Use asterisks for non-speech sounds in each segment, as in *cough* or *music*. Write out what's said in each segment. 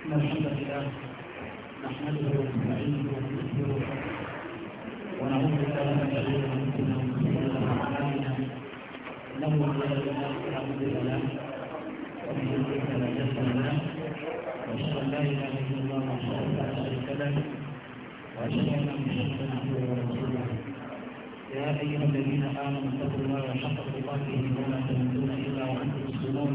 إن الحمد لله نحمده ونستعينه ونعوذ بالله من شرور أنفسنا ومن سيئات أعمالنا إنه من الله فلا فلا هادي له وأشهد أن لا إله إلا الله وحده لا شريك له وأشهد أن محمدا عبده ورسوله يا أيها الذين آمنوا اتقوا الله حق تقاته ولا تموتن إلا وأنتم مسلمون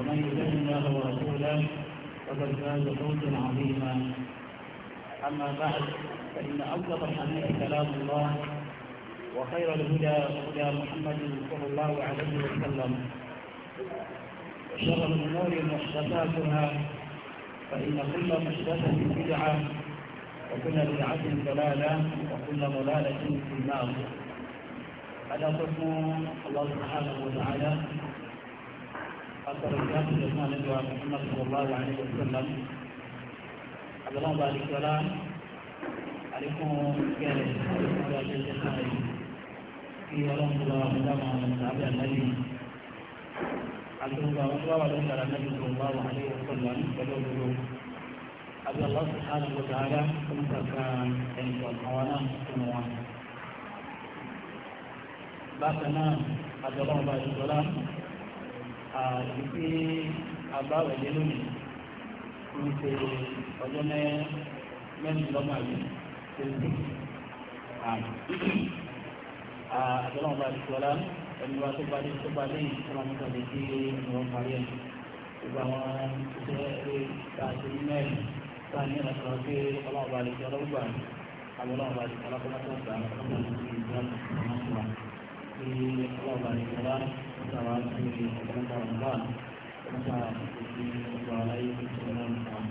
ومن يطع الله ورسوله فقد فاز فوزا عظيما أما بعد فإن أصدق الحديث كلام الله وخير الهدى هدى محمد صلى الله عليه وسلم وشر الأمور محدثاتها فإن كل محدثة بدعة وكل بدعة ضلالة وكل ضلالة في النار هذا حكم الله سبحانه وتعالى حتى لو كان جسمان نبي محمد صلى الله عليه وسلم عبد الله بارك ولا عليكم كيري في يوم الله مدام من تابع النبي عبدالله وصلى على النبي صلى الله عليه وسلم ولو أبي الله سبحانه وتعالى كنت كان عند الحوالات كنوان بعد ما أبي الله بارك ولا àti pé agbáwẹ̀ lé lónìí ń ṣe ọjọ́ mẹ́rìndínlọ́gbọ̀n àbí twenty àtọ́lọ́wọ́n bá ti wọlá ẹni wá tó bá dé tó bá lẹ́yìn tó máa ń tọ́ lé sí ìwọ̀n parí ẹ̀ gbogbo àwọn iṣẹ́ eré tá a ti ní mẹ́rin tá a ní ìrànlọ́wọ́ pé ọlọ́wọ́n bá lè fi ọlọ́gbà àwọn ọlọ́wọ́n bá lè fi ọlọ́kọ́ mọ́tò ọlọ́wọ́n bá lè fi ìgbà tó ọlọ́wọ́n bá lè fi sáwá sí ọ̀pọ̀lọpọ̀ ọ̀gbà nípa òfin ọgbà aláyé tuntun náà nìkan.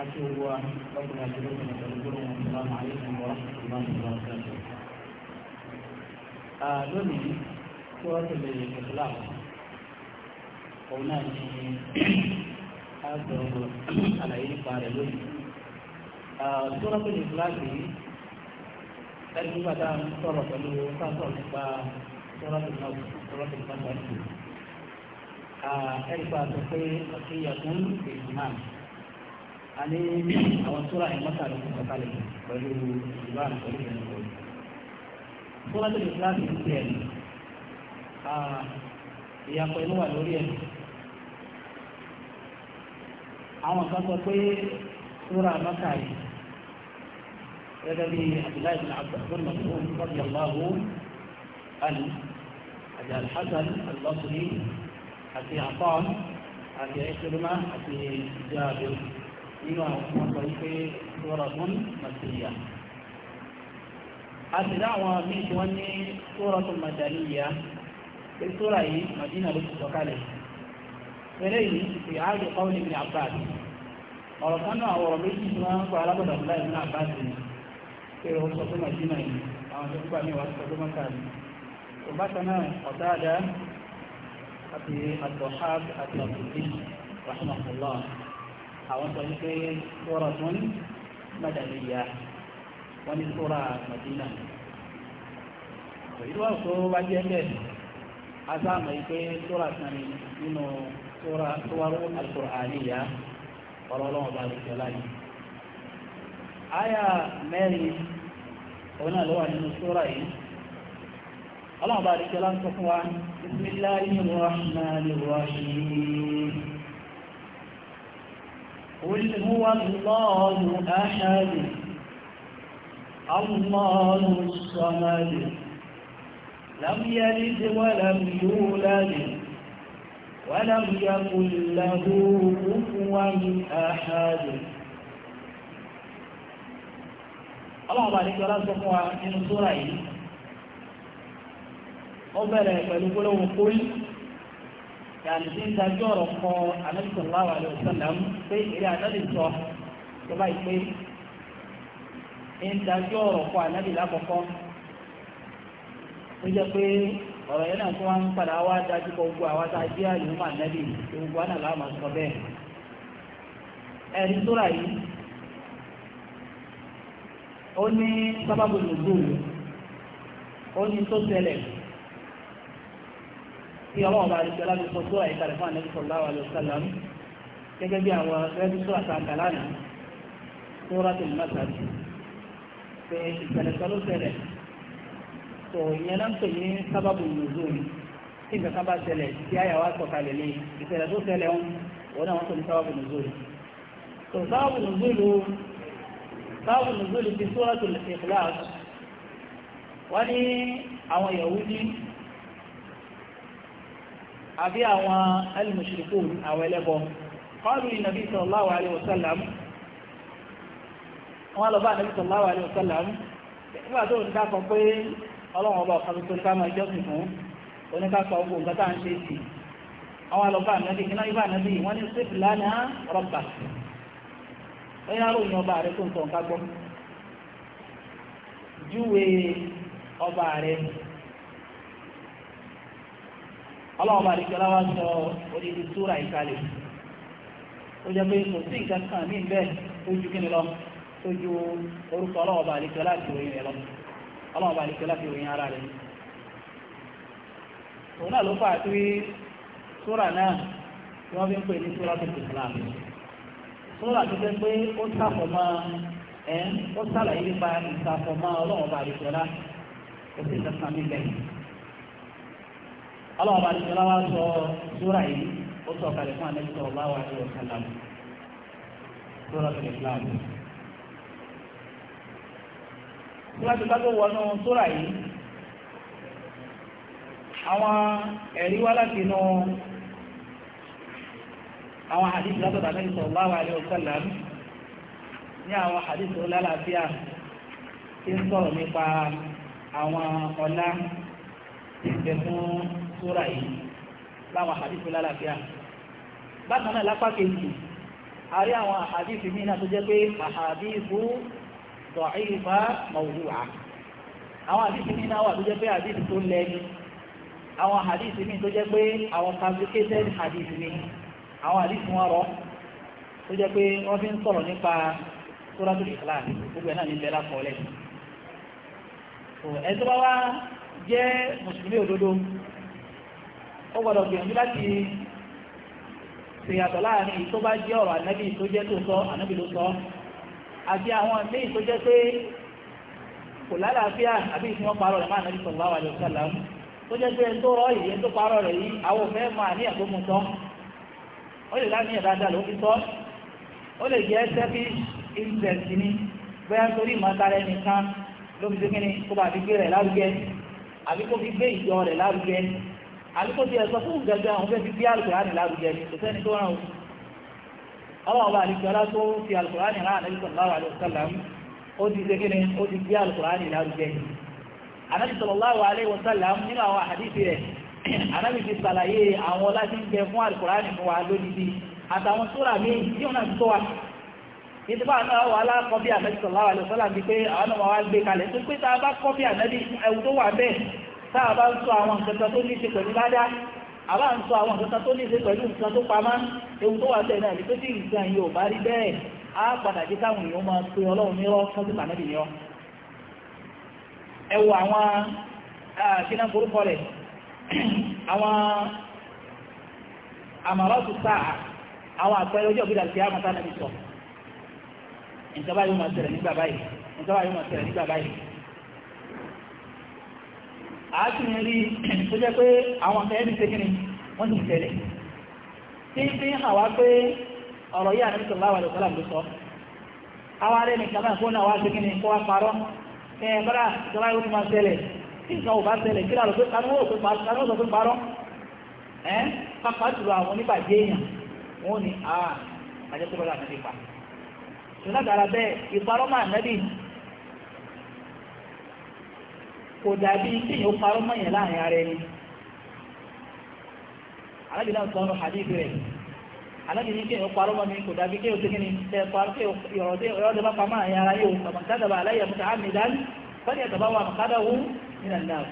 a ti wo wa lọ́kùnrin àti lọ́kùnrin pẹ̀lú gbólóhùn ìsìlámù àyẹ̀kùn wa ìsìlámù wa sẹ́yìn. lónìí tí wọ́n tẹ̀lé ìsìlámù òun náà ni a sọ̀rọ̀ àlàyé nípa rẹ̀ lónìí. sọ́dọ̀ pé ìsìlámù yìí ẹni nígbà tá à ń sọ̀rọ̀ pẹ̀lú sáńsọ̀rọ̀ nípa sọ́rọ́tì náà sọ́rọ́tì náà pàṣẹ. ẹni pa àtọ̀ pé ọtí yàtún èyí máa a ní àwọn sọ́ra ẹ̀ mọ́ta ló kọ́ kalẹ̀ pẹ̀lú ìgbà pẹ̀lú ìgbà pẹ̀lú. sọ́rọ́tì náà láti ń tẹ̀ ìyàpọ̀ inú wà lórí ẹ̀. àwọn kan sọ pé sọ́ra mọ́ta هذا من عبد الله بن عبد الرحمن مكحول رضي الله عنه هذا الحسن البصري حتى عطان حتى عكرمة حتى جابر إما عثمان طريق سورة مسيحية هذه دعوة من شوان سورة مدنية في السورة مدينة بس إليه في عهد قول ابن عباس ورسلنا أو ربيتنا فعلى بدر الله ابن عباس kéré ó sọ pé màdínà yìí àwọn tó gbà ní wàá sọ pé mọ́tà ni ọbaṣà náà ọ̀dáadá àti àtọ̀háb àti àbùdí rahimahullah àwọn sọ wípé sọ́ra tó ní mádàlíyà wọ́n ní sọ́ra màdínà ìlú àwọn tó bá jẹ́ bẹ́ẹ̀ asáàmù yìí pé sọ́ra kan nínú sọ́ra tó wà lọ́wọ́ al-Qur'aniyya ọlọ́lọ́wọ́ bá lè jọ láyé. aya mẹ́rin هنا لو أن السورين الله بارك لنا صفوان بسم الله الرحمن الرحيم قل هو الله أحد الله الصمد لم يلد ولم يولد ولم يكن له كفوا أحد ọlọ́run bá nígbà láti fún wa nínú sóra yìí ó bẹ̀rẹ̀ pẹ̀lú gbólóhùn kórí yàtí ń dájú ọ̀rọ̀ kọ Ànábì sallallahu alaihi wasallam pé eré Ànábì sọ tó bá ìpé ń dájú ọ̀rọ̀ kọ Ànábì lákọ̀ọ́kọ́ tó jẹ́ pé ọ̀rọ̀ yẹn náà tó wá ń padà wá dájú kọ gbogbo àwa tá a jẹ́ àyùmọ̀ Ànábì gbogbo àná láàmú sọ bẹ́ẹ̀ ẹ̀rí sóra yìí ó ní sábàbù nùdùn ó ní tó tẹ́lẹ̀ tí ọlọ́run bá rí pé aláàbí sọ tó àyíká rẹ̀ fún ànábì sallallahu alaihi wasallam gẹ́gẹ́ bí àwọn rẹ́díṣọ́ àtàkà lánàá tó rákì mọ́tàdì pé ìṣẹ̀lẹ̀ kan ló tẹ̀lẹ̀ tó ìyẹn náà ń pè ní sábàbù nùzùn tí nǹkan kan bá tẹ̀lẹ̀ tí àyà wa sọ kalẹ̀ ní ìṣẹ̀lẹ̀ tó tẹ̀lẹ̀ ń náà wọ́n tó ní sábàbù nùzùn tó sábàbù nùzùn báwo nùzúlù fi suratul Ikhlas wọ́n ní àwọn Yahudi àbí àwọn al-mushrikun àwọn ẹlẹ́bọ qalu ìnàbí sallallahu alaihi wasallam wọ́n lọ bá nàbí sallallahu alaihi wasallam nígbà tó ń dákọ̀ pé ọlọ́run ọba ọ̀kan tó ká máa jọ́sìn fún oníkàkọ̀ ogun nǹkan tá à ń ṣe sí àwọn alọ́bà nàbí kíná ibà nàbí wọ́n ní sífìlánà rọ́bà onye aróyìn ọba rẹ̀ tó nka gbọ ká gbọ́ ọba rẹ̀ ọlọ́wọ́ bá dìkẹ́ láwá sọ odidi súra ìkàlẹ̀ ó jẹ́ pé kò sí nǹkan kan ní bẹ́ẹ̀ tó ju kí ni lọ tó ju orúkọ lọ ara òun náà ló fà á náà tí fi ń sọ́ra tó jẹ́ pé ó sàfọ̀mọ́ ẹ̀ ó sàlàyé nípa ìsàfọ̀mọ́ ọlọ́run bá àdìsọ́lá kò sí ìtàkùn mi bẹ́ẹ̀. ọlọ́run bá àdìsọ́lá wá sọ sọ́ra yìí ó sọ kalẹ̀ fún àlẹ́ sọ̀rọ̀ bá wà ní ọ̀sán sọ́ra tó lè fúláàbù. sọ́ra tó kájọ wọnú sọ́ra yìí àwọn ẹ̀rí wá láti inú àwọn hadith látọ̀dà Nabi sallallahu alaihi wasallam ní àwọn hadith tó lálàáfíà tí ń sọ̀rọ̀ nípa àwọn ọlá tí ń bẹ fún súrà yìí láwọn hadith tó lálàáfíà bákan náà lápá kejì a rí àwọn hadith míì náà tó jẹ́ pé hadith dọ̀ífà mawdu'a àwọn hadith míì náà wà tó jẹ́ pé hadith tó lẹ́nu àwọn hadith míì tó jẹ́ pé àwọn fabricated hadith míì àwọn àdísì wọn rọ tó jẹ́ pé wọ́n fi ń sọ̀rọ̀ nípa sóràtò Ikhlas gbogbo ẹ̀ náà ní bẹ́lá kọ́lẹ̀ ẹ̀ tó bá wá jẹ́ mùsùlùmí òdodo ó gbọ́dọ̀ gbìyànjú láti ṣèyàtọ̀ láàrin èyí tó bá jẹ́ ọ̀rọ̀ ànábì tó jẹ́ tó sọ ànábì ló sọ àti àwọn ilé tó jẹ́ pé kò lálàáfíà àbí ìfihàn parọ́ rẹ̀ máa nàbí sallallahu alaihi wasallam tó jẹ́ pé ẹni tó rọ ìyẹn tó parọ́ rẹ̀ yìí àwọn òfẹ́ máa ní ẹ̀kọ́ mu tán ó lè láti yàn dáadáa ló fi sọ ó lè jẹ́ selfish interest ni bóyá nítorí ìmọ̀tara nìkan ló fi ṣe kíni kó bá fi gbé rẹ̀ lárugẹ àbí kó fi gbé ìjọ rẹ̀ lárugẹ àbí kó ti ẹ̀ sọ fún gẹ́gẹ́ àwọn fẹ́ fi gbé alukurani lárugẹ kò sẹ́ni tó rán o ọlọ́run bá àlejò ọlá tó fi alukurani rán àlejò sallallahu alaihi wasallam ó ti ṣe kíni ó ti gbé alukurani lárugẹ àlejò sallallahu alaihi wasallam nínú àwọn àhàdìsí rẹ̀ anábì ti sàlàyé àwọn láti ń jẹ fún alukurani fún wa lódìdí àtàwọn súra mi tí wọn náà ti tó wa títí bá náà wà á kọ́bí ànábì sallallahu alaihi wasallam bí pé àwọn náà wà gbé kalẹ̀ tó pé tá a bá kọ́bí ànábì ẹ̀wù tó wà bẹ́ẹ̀ tá a bá ń sọ àwọn nǹkan tó ní í ṣe pẹ̀lú ládá àbá ń sọ àwọn nǹkan tó ní í ṣe pẹ̀lú nǹkan tó pamá ewu tó wà bẹ́ẹ̀ náà ní pé tí nǹkan yìí ò bá rí bẹ́ẹ̀ á padà jẹ́ káwọn èèyàn máa pe ọlọ́run nírọ́ fọ́sí pànábì ni ọ ẹ̀wù àwọn kíná forúkọ rẹ̀ *clears throat* àwọn àmàrọ́tù sáà àwọn àpẹẹrẹ ojú ọ̀gbìdà sí àmàtà náà sọ ìjọba yóò máa tẹ̀lẹ̀ nígbà báyìí ìjọba yóò máa tẹ̀lẹ̀ nígbà báyìí àátùnrin rí *clears throat* tó jẹ́ pé àwọn akẹ́yẹ́ ní tẹ́kínì wọ́n ti tẹ̀lẹ̀ tí ń fi hàn wá pé ọ̀rọ̀ yìí àti ìṣòro àwọn àlùkọ́là ló sọ àwọn arẹ́ni kàmáà fún àwọn akẹ́kínì kó wá parọ́ ẹ̀ bọ́dà ìjọba yóò máa tẹ̀lẹ̀ tí nǹkan ò bá tẹ̀lẹ̀ kí lárò pé kanáwó pé parọ́ sọ pé parọ́ ẹ́ pápá jùlọ àwọn oníbàjẹ́ èèyàn wọ́n ní a ah, àjẹ́ tó bọ́lá àti ipa ṣùgbọ́n bẹ́ẹ̀ ìparọ́ máa nẹ́bí kò dàbí kíyàn ó parọ́ mọ́yàn láàrin ara ẹni alábi náà sọ ọ́nà hadith rẹ̀ alábi ní kíyàn ó parọ́ mọ́ mi kò dàbí kíyàn ó tẹ́kínni tẹ́ parọ́ kí ọ̀rọ̀ tẹ́ ọ̀rọ̀ tẹ́ bá pamọ́ àyàrá yóò tàbí nínú náà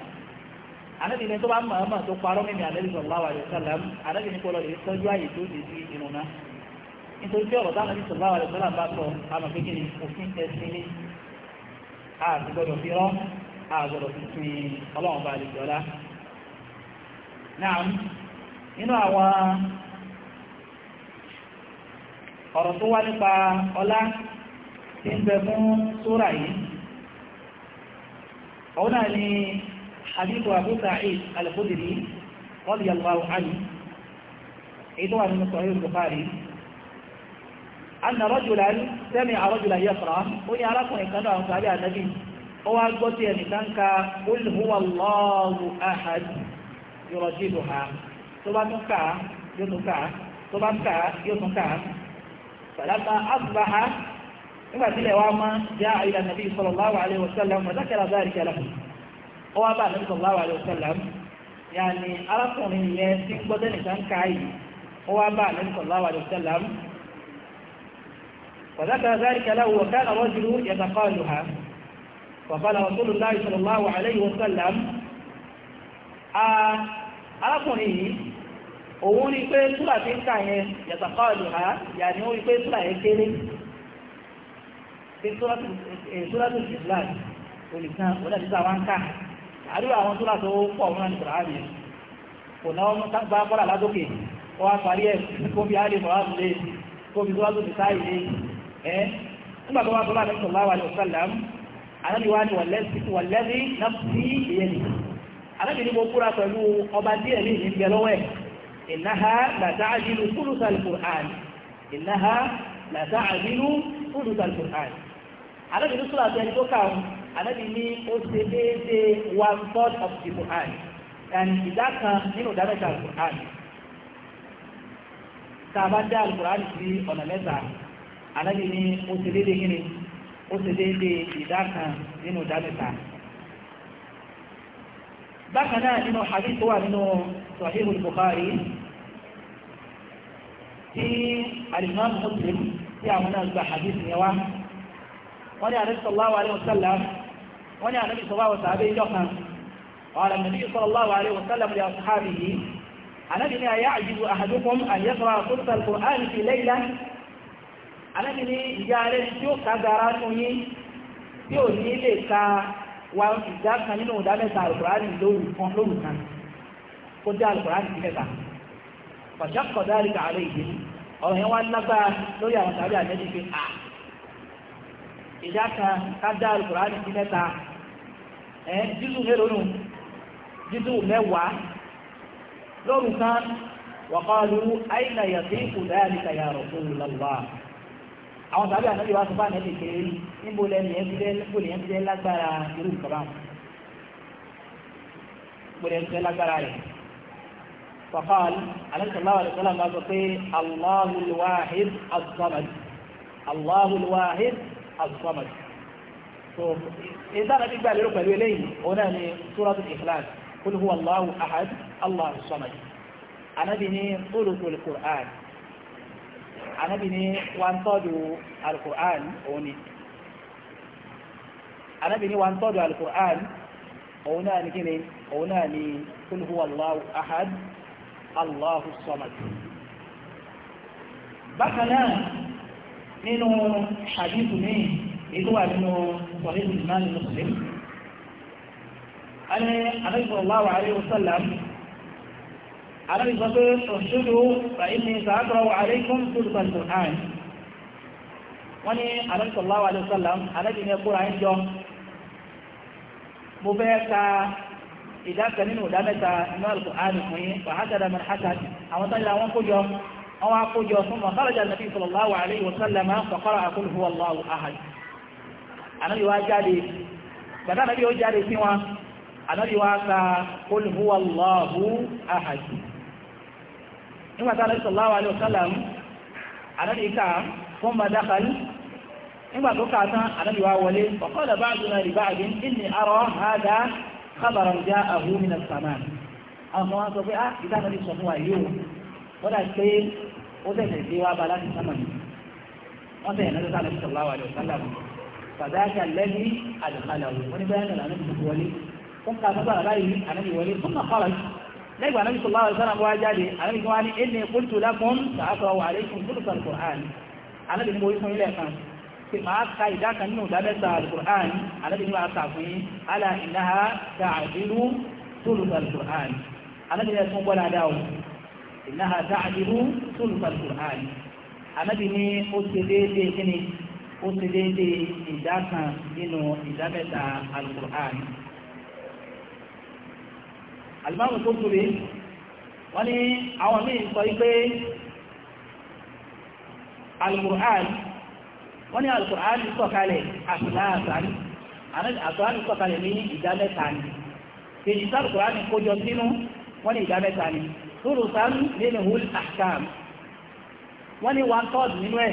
anabi ni tó bá mọ̀ ọ́mọ̀ tó parọ́ mímí anabi sallallahu alaihi wasallam anabi ni kọlọ́ lè tọ́jú àyè tó lè di ìrùn náà nítorí pé ọ̀rọ̀ táwọn anabi sallallahu alaihi wasallam bá sọ ni òfin ẹ̀sìn a ti gbọdọ̀ fi rán a gbọdọ̀ àwọn ọ̀rọ̀ tó wá nípa ọlá tí ń bẹ fún òun náà ni hadith Abu Sa'id al-Khudri radiyallahu anhu èyí tó wà nínú Sahih al-Bukhari anna rajulan sami'a rajulan yaqra ó ní arákùnrin kan náà sàbí ànábì ó wá gbọ́ tí ẹnìkan ka qul huwa Allahu nígbà tí ilẹ̀ wa mọ́ já ila nàbí sallallahu alaihi wasallam wa zakara dhalika lahu ó wá bá nàbí sallallahu alaihi wasallam yàní arákùnrin yẹn tí gbọ́dọ̀ nìkan káyì ó wá bá nàbí sallallahu alaihi wasallam وذكر ذلك له وكان رجل يتقالها فقال رسول الله صلى الله عليه وسلم arákùnrin yìí òun rí pé túlà tí ń kà ha yà ní ó rí pé túlà pé sóràtò ìsìláì olùkan olùdíjà wa ń kà àríwá àwọn sóràtò pọ̀ wọn ní kùrààní kò náà wọn bá bọ́lá lásòkè wọn á parí ẹ̀ kó fi àlè mọ̀ láti lé kó fi sóràtò nígbà tó wá sọ́lá ní sọ̀lá wa ní ọ̀sálàm àlẹ́bí wa ní wọ̀lẹ́bí náà sí ìyẹn àlẹ́bí ni mo kúra pẹ̀lú ọba díẹ̀ ní ìgbẹ́ lọ́wọ́ ẹ̀ إنها لا تعدل ثلث القرآن إنها لا تعدل anábì lùsùlù àti ẹni tó kà ń anábì ní ó ṣe déédéé one third of the Quran and ìdá kan nínú ìdá mẹ́ta Quran tá a bá dá Quran sí ọ̀nà mẹ́ta anábì ní ó ṣe déédéé kíni ó ṣe déédéé ìdá kan nínú ìdá mẹ́ta bákan náà nínú hadith wà nínú Sahih al-Bukhari tí imam Muslim tí àwọn náà gba hadith yẹn wá wọ́n ní ànábì sallallahu alaihi wasallam wọ́n ní ànábì sallallahu alaihi wasallam ìjọ kan wọ́n ní ànábì sallallahu alaihi wasallam li ashabihi ànábì ní ayé àjíbu ahadukum àyẹ́sọ̀rọ̀ àkóso al-Qur'an fi layla ní ìyá rẹ̀ tí ó ká gara fún yín tí ní lè ka wa ìdá kan nínú ìdá mẹ́ta al-Qur'an lóru kan kó ìdá kan ká dá alukùránì sí mẹ́ta ẹ̀ jísù mélòó nù jísù mẹ́wàá lóru kan wàkọ́lù àyìnà yàtí ìkùdá àlìkà yà Rasulullah àwọn sábẹ́ ànábì wa sọ́fà náà lèkè níbo lẹ́nu yẹn ti dẹ́ níbo lẹ́yìn ti dẹ́ lágbára irú nǹkan báwọn níbo lẹ́yìn ti dẹ́ lágbára rẹ̀ فقال عليه الصلاة والسلام الله الواحد الصمد الله الواحد as-samad so ìdára gbígbà lérò pẹ̀lú eléyìí òun náà ni suratul ikhlas qul huwa allahu ahad allahu samad anabi ni olùkọ́ qur'an anabi ni wọn tọ́jú al-qur'an òun ni anabi ni wọn tọ́jú al-qur'an òun náà ni kíni òun náà ni qul allahu ahad allahu samad bákan náà nínú hadithu ní ètò wà nínú sọ̀rẹ́lù ìmáàlì mùsùlùmí a ní anábìsọ̀láwà aléwòsàlám anábìsọ̀ pé ọ̀ṣọ́dù ràí ní sàátọ̀rọ̀ aléikún tùlùkàn tùlùkàn wọ́n ní anábìsọ̀láwà aléwòsàlám anábìsọ̀ kúrò àìjọ mo fẹ́ ka ìdáka nínú ìdámẹ́ta iná alùpùpù ààrùn fún yín wàhátàdà mọ̀ wọ́n wá kójọ fún mọ̀ sára jáde nàbí sallallahu alaihi wa sallam faqara qul huwa Allahu ahad ànábì wá jáde gbàdá ànábì ó jáde sí wọn ànábì wá ka qul huwa Allahu ahad nígbà tá nàbí sallallahu alaihi wa sallam ànábì ká fún madakal nígbà tó ká tán ànábì wá wọlé faqala ba'duna li ba'din àwọn kan wá sọ pé ah ìdá sọ fún wa yìí kódà pé ó tẹ̀sẹ̀ sí wá bala ti sámà ní wọ́n tẹ̀yẹ̀ náà sálẹ̀ sọ̀rọ̀ àwọn àlọ́ sálà mú fàdákà lẹ́bí àlùkálà wò wọ́n ní bẹ́ẹ̀ náà lànà ti wọlé ó ń ka sọ́gbà báyìí ànábi wọlé fún màkàlà lẹ́gbàá ànábi sọ̀rọ̀ àwọn sálà wá jáde ànábi kan wá ní ẹni kúlùtù lákùn sàásọ̀ wà lẹ́kùn kúlùtù alukur'an ànábi ni mo fún ilẹ̀ kan ti máa ka ìdá kan nínú ìdá alukur'an ànábi ni máa fún alá ìnáha tààdínú kúlùtù alukur'an ànábi ni ẹ̀sùn gbọ́dọ̀ ìnáha dáàdìrú sólùfà kùrán anábì ní ó ṣe déédé kíni ó ṣe déédé ìdá kan nínú ìdá mẹ́ta alùkùrán alimami tó tóbi wọ́n ní àwọn míì sọ pé alùkùrán wọ́n ní alùkùrán sọ̀kalẹ̀ àfìláàsán àtọ́rán sọ̀kalẹ̀ ní ìdá ni kejì sálùkùrán kójọ sínú wọ́n ní ìdá ni fúlùsán nínú hul ahkam wọ́n ní one third nínú ẹ̀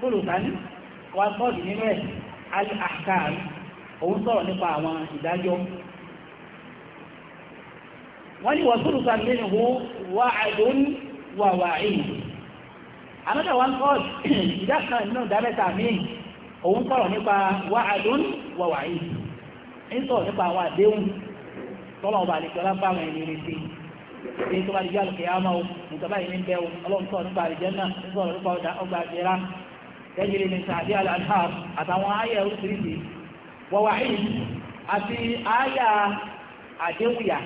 fúlùsán one third nínú ẹ̀ al ahkam òun sọ̀rọ̀ nípa àwọn ìdájọ́ wọ́n ní wọ́n fúlùsán nínú hu wa'adun wa wa'id another one third *clears throat* ìdá kan nínú ìdámẹ́ta míì òun sọ̀rọ̀ nípa wa'adun wa wa'id ń sọ̀rọ̀ nípa àwọn àdéhùn tọ́lọ̀ ọba àlekọ́lá bá àwọn ẹni retí ní tó bá di jáàlù kìyàmá o nǹkan báyìí ní bẹ́ẹ̀ o ọlọ́run nípa àlìjẹ́nà ń sọ̀rọ̀ nípa ọjà ọgbà àjẹrà ẹ̀jẹ̀rẹ̀ ní sàdí àlàáhà àtàwọn àyà oríṣiríṣi wọ̀wà ìlú àti àyà àdéhùyà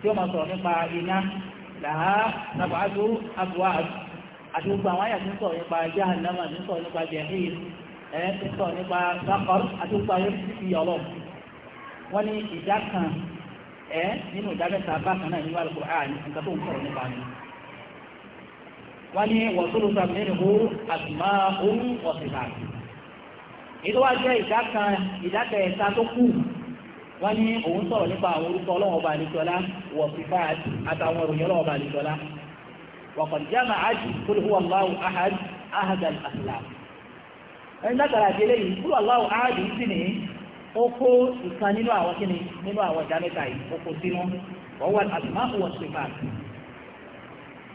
tí ó máa sọ̀rọ̀ nípa iná làá àbúwá àti gbogbo àwọn sọ̀rọ̀ nípa sọ̀rọ̀ nípa ẹ̀ ń sọ̀rọ̀ nípa ẹ nínú ìdámẹ́ta bákan náà Al-Qur'an tó ń kọ̀rọ̀ nípa mi wọ́n ní wọ̀sọ́lù sàmìlẹ́nì hó àtùmá ohun ọ̀sìnà ètò jẹ́ ìdákẹ̀ẹ́ta tó kù wọ́n ní òun sọ̀rọ̀ nípa àwọn orúkọ ọba àdìsọ́lá wọ̀sífà ọba Allahu ahad ó kó ìkan nínú àwọn kíni nínú àwọn ìdá mẹ́ta yìí ó kó sínú ọwọ́ àtùmá òwò sífà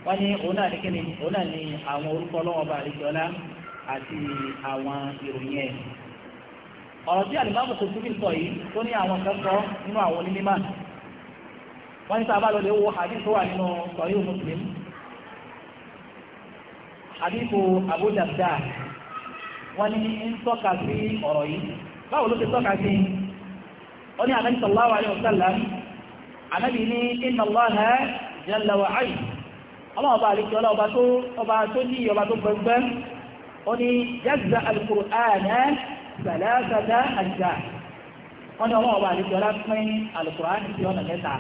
wọ́n ní òun náà ní kíni òun náà ní àwọn orúkọ ọlọ́wọ́ bá àlejòọ́lá àti àwọn ìròyìn ẹ̀ ọ̀rọ̀ tí àlùmá kòkó tó fi sọ yìí tó ní àwọn kẹ́kọ̀ọ́ nínú àwọn onímọ̀ wọ́n ní sábà lọ́lẹ̀ wo hadith tó wà nínú sọ̀rí Muslim hadith Abu Darda wọ́n ní ń tọ́ka sí ọ̀rọ̀ yìí báwo ló ti tọ́ka sí ó ní ànábì sallallahu alaihi wasallam ànábì ní inna Allaha jalla wa ala ọlọ́ọ̀bá àríkẹ́ ọlọ́ọ̀bá tó ọba tó ní ọba tó gbẹgbẹ́ ó ní jazza al-Qur'ana pín al-Qur'ani ọ̀nà mẹ́ta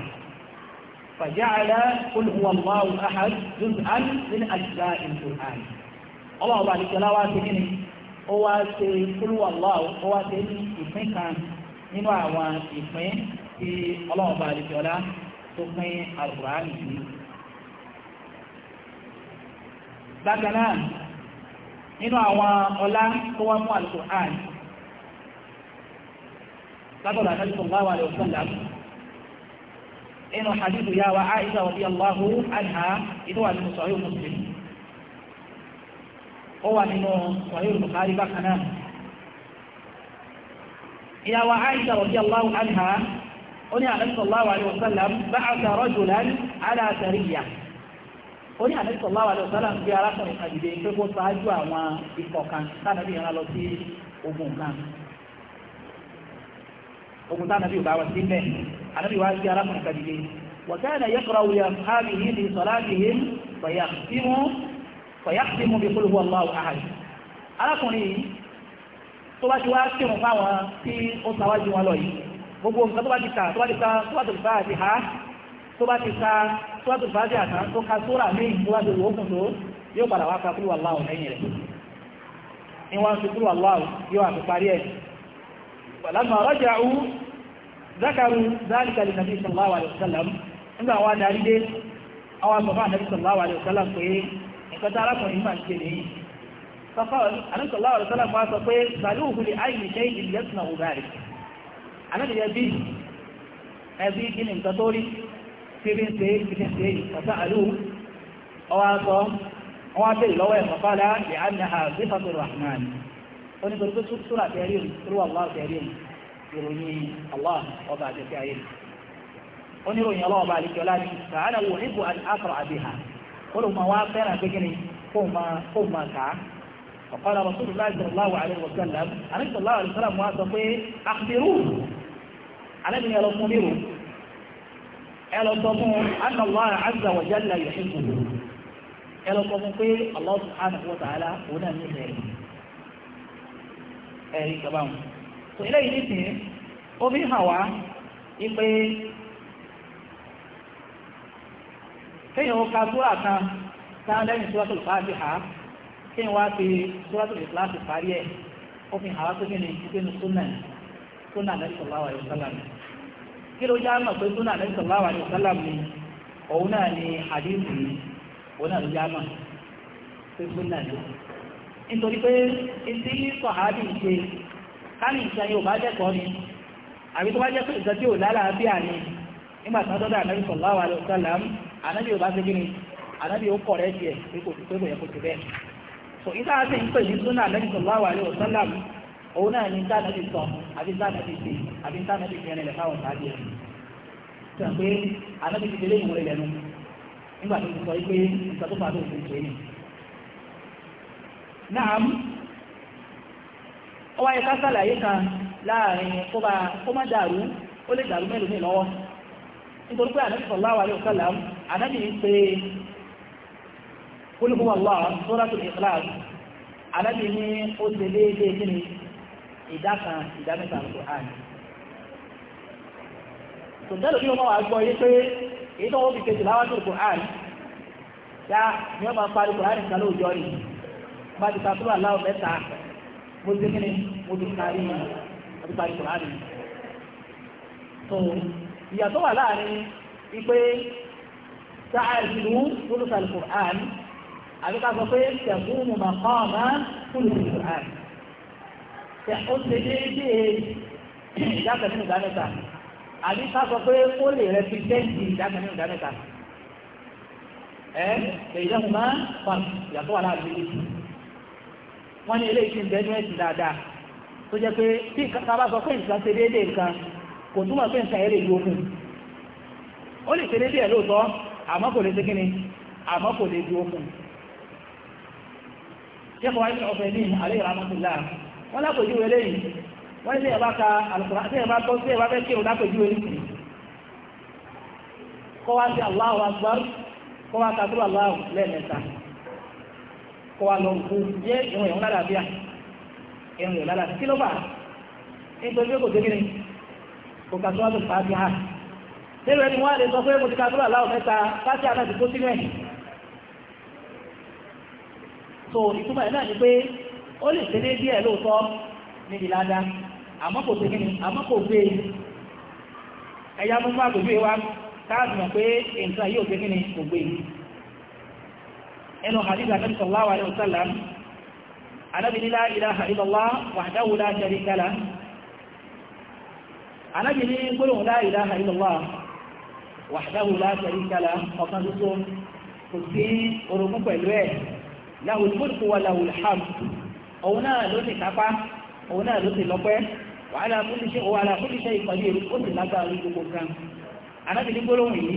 فجعل قل هو الله أحد جزءا من أجزاء القرآن الله بعد كلاوات منه ó wá ṣe kúlúwàláwò ó wá ṣe ní ìpín kan nínú àwọn ìpín tí àdìjọ́lá tó pín àlùkùránì sí. bákan náà nínú àwọn ọlá tó wá fún àlùkùránì látọ̀dọ̀ àtàlùkùn báwà lè fún làbù inú hadithu wa wá Aisha radiyallahu anha inú wà nínú sọ̀rọ̀ ó wà nínú sọ̀hìn Bukhari bákan náà ìyàwó Aisha radiyallahu anha ó ní Ànábì sallallahu alaihi wasallam ba'atha rajulan ala sariyya ó ní Ànábì sallallahu alaihi wasallam bí arákùnrin kàdìdé pé kó ṣáájú àwọn ikọ̀ kan tánàbí ìran lọ sí ogun kan ogun tánàbí ò bá wà sí bẹ́ẹ̀ Ànábì wá sí arákùnrin kàdìdé wa kana fọ̀yàtí mú bí kúlùwọ́ Allahu ahad arákùnrin yìí tó bá ti wá kírun fáwọn tí ó sàwájú wọn lọ yìí gbogbo nǹkan tó bá ti ka tó bá ti ka tó bá ti fa àti ha tó bá ti ka tó bá ti fa àti àtàn tó ka sóra míì tó bá ti wò ókùn tó yóò padà wá ka kúlùwọ́ Allahu lẹ́yìn rẹ̀ ni wọ́n ti kúlùwọ́ Allahu yóò àti parí ẹ̀ lamma raja'u zakaru zalika li nabi sallallahu alaihi wasallam nígbà wọn darí dé àwọn sọfà nabi sallallahu alaihi wasallam pé nǹkan tí arákùnrin máa ń ṣe nìyí anásọ̀lá ọ̀rọ̀ sọ́lá máa sọ pé sàlúhù lè àìní ṣe ìlẹ́sùn àwòrán anábìyẹ bí ẹbí kí ni nǹkan tó rí tí bí ń ṣe ìṣẹ́ ṣe olùmọ̀ wá fẹ́ràn pé kíni kó máa kà á ọ̀kọ́lá rasulullah sallallahu alaihi wa sallam alaihi sallallahu alaihi wa sallam wá sọ pé àkùnrin alẹ́bí ni ẹlọ́fún nírò ẹlọ́sọ̀fún anna Allah azza wa jalla yuhibbu ẹlọ́sọ̀fún pé Allah subhanahu wa ta'ala òun náà ní ìfẹ́ ẹ̀rí ìjọba wọn. tó ilé yìí nìsín ó fi hàn wá ipe kéèyàn ka súrà kan tán lẹ́yìn súratul Fatiha kéèyàn wá fi súratul Ikhlas parí ẹ̀ ó fi hàn wá pé kí súnà súnà Nabi sallallahu alaihi wasallam kí ló já mọ̀ pé súnà Nabi sallallahu alaihi wasallam ni òun náà ni hadith ni òun náà ló já mọ̀ pé súnà ni nítorí pé ìdí sọ̀hábì ṣe káàní ìṣẹ́ yóò bá jẹ́kọ̀ọ́ ni àbí tó bá jẹ́ pé ìṣẹ́ tí ò lálàáfíà ni nígbà tí Nabi sallallahu ànábì ò bá ṣe gíní ànábì ó kọ̀ rẹ̀ tiẹ̀ pé kò pé kò yẹ kó ti bẹ́ẹ̀. sọ ìta àti ń pè ní súnà ànábì sallallahu alaihi wasallam òun náà ní tá ànábì sọ àbí tá ànábì ṣe àbí tá ànábì fi ẹnilẹ̀ fáwọn sáájú ẹ̀. sọ pé ànábì ti délé ìwúrẹ́ lẹ́nu nígbà tó ti sọ pé nǹkan tó fàdó òfin ṣe ni. náà ó wáyé ká sàlàyé kan láàrin kó má dàrú ó lè dàrú mélòó mi lọ́wọ́ nítorí pé ànábì sallallahu alaihi wasallam ànábì ń pe qul huwa Allah suratul ikhlas ànábì ní ó ṣe déédéé kí ni ìdá kan ìdá mẹ́ta Al-Qur'an tó dẹ́rù bí wọ́n wà gbọ́ yé pé èyí tó wọ́n fi kejì láwọn tó Al-Qur'an yá ni wọ́n máa parí Al-Qur'an nìkan lóòjọ́ rí bá ti ta tó wà láwọn mẹ́ta mo ti quran tó ìyàtọ̀ wà láàrin wípé sáàlù olùsàlù Qur'an àbí ká sọ pé tẹ̀kùnmù màkàmá olùsàlù Qur'an ó ṣe déédéé ìdáka nínú ìdámẹ́ta àbí ká sọ pé ó lè rẹpítẹ́ǹtì ìdáka nínú ìdámẹ́ta ẹ èyí lẹ́hùn máa fà ìyàtọ̀ wà láàrin méjèèjì wọ́n ní eléyìí ti ń bẹ́ẹ̀ ní ẹ̀sìn dáadáa tó jẹ́ pé tí ká bá sọ pé nǹkan ṣe déédéé nǹkan kò túmọ̀ pé nǹkan ẹ̀rẹ́ ìlú okùn ó lè ṣe dédé ẹ̀ lóòótọ́ àmọ́ kò lè ṣe kíni àmọ́ kò lè ju okùn jẹ́kọ̀ wáyé ọ̀fẹ́ ní alẹ́ ìrámọ́tìlá wọ́n lápòjú eléyìí wọ́n ní ẹ̀bá ka alùpùpù tí ẹ̀bá tọ́ sí ẹ̀bá fẹ́ kí kò kà sọ́wọ́n tó fà á bí ha nínú ẹni wọ́n á lè sọ pé mo ti ka sọ́wọ́ aláwọ̀ mẹ́ta láti àná ti kó sínú ẹ̀ so ìtumọ̀ ẹ̀ náà ni pé ó lè ṣe déédéé ẹ̀ lóòótọ́ níbi ládá àmọ́ kò ṣe kíni àmọ́ kò gbé e. ẹ̀yà mú fún àgbègbè wa káàdì mọ̀ pé nǹkan yóò ṣe kíni kò gbé e. ẹnu hadith anabi sallallahu alaihi wasallam anabi la ilaha illallah wahdahu anábì ní gbólóhùn la ilaha illallah wahdahu la sharika lah ọ̀kan tuntun kò sí orogún pẹ̀lú ẹ̀ lahul mulku wa lahul hamd òun náà ló ní kápá òun náà ló ti lọ́pẹ́ wa ala kulli shay'in wa ala kulli shay'in qadir ó sì lágbára ní gbogbo kan anábì ní gbólóhùn yìí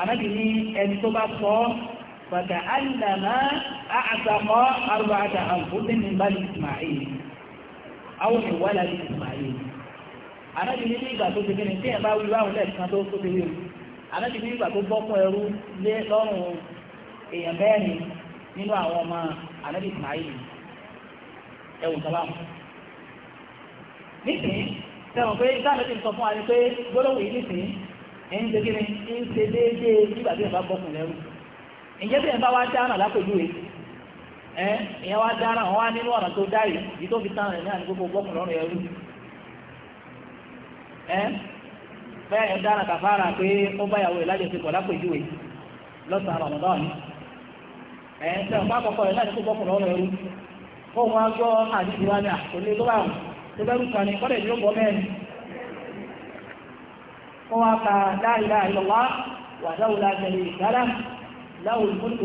anábì ní ẹni tó bá sọ bàtà alàmà àtàkọ́ arba'ata àǹfọ̀tẹ́ àwọn ìwádàá Ismail àdájú ní ìgbà tó ti kí ni tí ẹ̀ bá wí báwọn lẹ́ẹ̀kan tó tó ti wí o àdájú ní ìgbà tó bọ́kún ẹrú lé lọ́rùn èèyàn mẹ́rin nínú àwọn ọmọ àdájú ìsmáyìlì ẹ̀wù sàlámù. nísìnyí sẹ́wọ̀n pé ìgbà àdájú sọ fún wa ni pé gbólóhùn yìí nísìnyí ẹ̀ ń ṣe kí ni ń ṣe déédéé nígbà tí ẹ̀ bá bọ́kún lẹ́rù ìjẹ́ bí ẹ̀ bá wá dáná lápèjúwe ẹ̀ ìyẹn wá dáná wọn wá nínú ọ̀nà tó dá yìí tó fi tán rẹ̀ ní àdúgbò bọ́kún lọ́rùn ẹrú ẹ́ bẹ́ẹ̀ ẹ̀ dára kàfàrà pé ó báyàwó ìlájọsípọ̀ lápèjúwe lọ́sàn-án ramadan ẹ̀ ń tẹ́ ọ̀pá àkọ́kọ́ rẹ̀ láti kó bọ́kùnrin ọ̀rọ̀ ẹrú kó wọn á gbọ́ àdìsí wa ní àkọlé tó bá wù tó bẹ́rù kan ní kọ́lẹ̀ ní ó bọ́ mẹ́rin kó wọn ka la ilaha illallah wahdahu la sharika lahu lahul mulku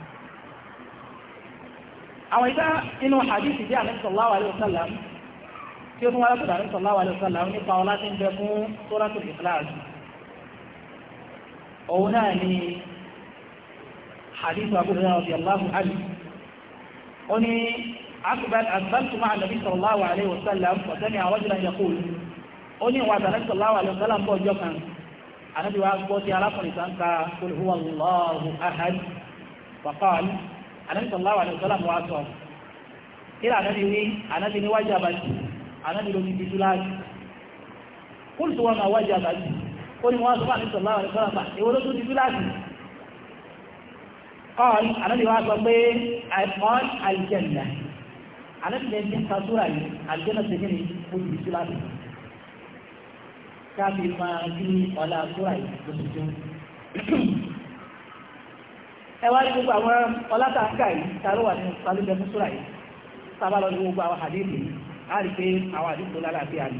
àwọn ìdá inú hadithi bí ànábì sallallahu alaihi wasallam tí ó tún wáyé pẹ̀lú ànábì sallallahu alaihi wasallam nípa ọlá tí ń bẹ fún suratul ikhlas òun náà ni hadith abu hurairah radiyallahu anhu ó ní akbar asbaltu ma'a nabi sallallahu alaihi wasallam wa sami'a rajulan yaqul ó ní ìwà ànábì sallallahu anábìsọ̀lá wà ní ọ̀sọ́lá mọ́ aṣọ kíra anábì ní anábì ní wájú àbájú anábì ló ní bíjú láàájú kúlùtù wọn máa wájú àbájú ó ní wọ́n sọ fún anábìsọ̀lá wà ní ọ̀sọ́lá pa èwo ló tún bíjú láàájú kọ́ọ̀n anábì wá sọ pé àìmọ́n àìjẹ̀nà anábì lè ní sàtúrà yìí àìjẹ́nà ti ẹwà rí gbogbo àwọn ọlátàǹkà yìí tààrọ wà nínú sàlùjẹ fún súra yìí sábà lọ ní gbogbo àwọn àdéhùn yìí a rí pé àwọn àdéhùn tó lálàáfíà ni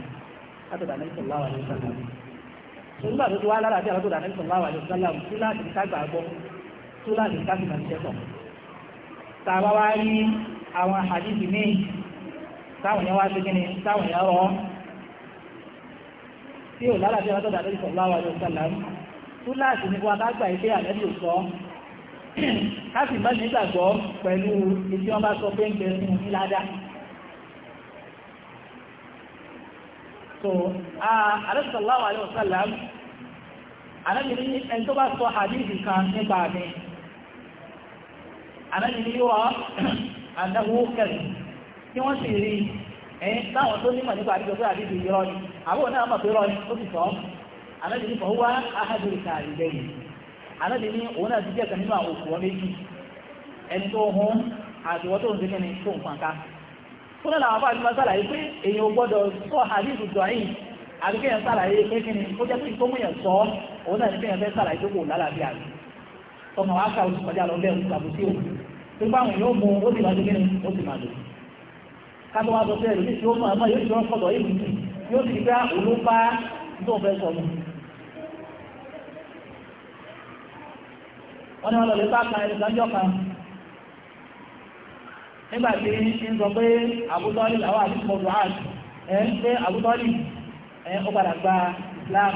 látọ̀dà ní sọ̀láwà ní sàlàm nígbà tó ti wá lálàáfíà látọ̀dà ní sọ̀láwà ní sàlàm tó láti ká gbàgbọ́ tó láti ká sì máa ń tẹ́tọ̀ tààrọ wá rí àwọn àdéhùn míì táwọn yẹn wá sí kíni táwọn yẹn rọ tí ò lálàáfíà látọ̀dà ní sọ̀láwà ní sàlàm tó láti ní káàkiri bá nígbàgbọ́ pẹ̀lú ìdí wọn bá sọ pé ń bẹ fún ládá so àrẹ́sọ̀láwà alẹ́ ọ̀sálàm anábìnrin ẹni tó bá sọ àdíjì kan nípa mi anábìnrin yóò àdáwó kẹrì tí wọ́n sì rí ẹ̀yìn táwọn tó nímọ̀ nípa àdíjọ pé àdíjì yọrọ ni àbúrò náà mọ̀ pé rọ ni ó sì sọ anábì ní òun náà ti jẹ́ kan nínú àwọn òkùrọ̀ méjì ẹni tó hun àti wọ́n tó ń segin ní tó ń fànká tó náà làwọn afáàlú máa sàlàyé pé èèyàn gbọ́dọ̀ sọ hadith dọ̀yìn àti kéèyàn sàlàyé pé kí ni ó jẹ́ pé tó múyàn sọ òun náà ní kéèyàn fẹ́ sàlàyé tó kò lálàáfíà tọmọ wa ká oṣù kọjá lọ bẹ́ẹ̀ oṣù àbùsí òun tó bá wọn yóò mú ó sì máa segin ní ó sì máa lò kábọ̀ wa sọ pé ẹ̀rù ní ìṣòro máa yóò ti rán fọ́tọ̀ yìí yóò ti gbá ah, òun tó fẹ́ sọ mu wọ́n ní wọ́n lọ́lẹ́ sáà kan ẹ̀rẹ́sánjọ́ kan nígbàtí ń sọ pé àbútọ́lì àwọn àdúgbò ra'ad ẹ̀ ń pé àbútọ́lì ẹ̀ ó padà gba Islam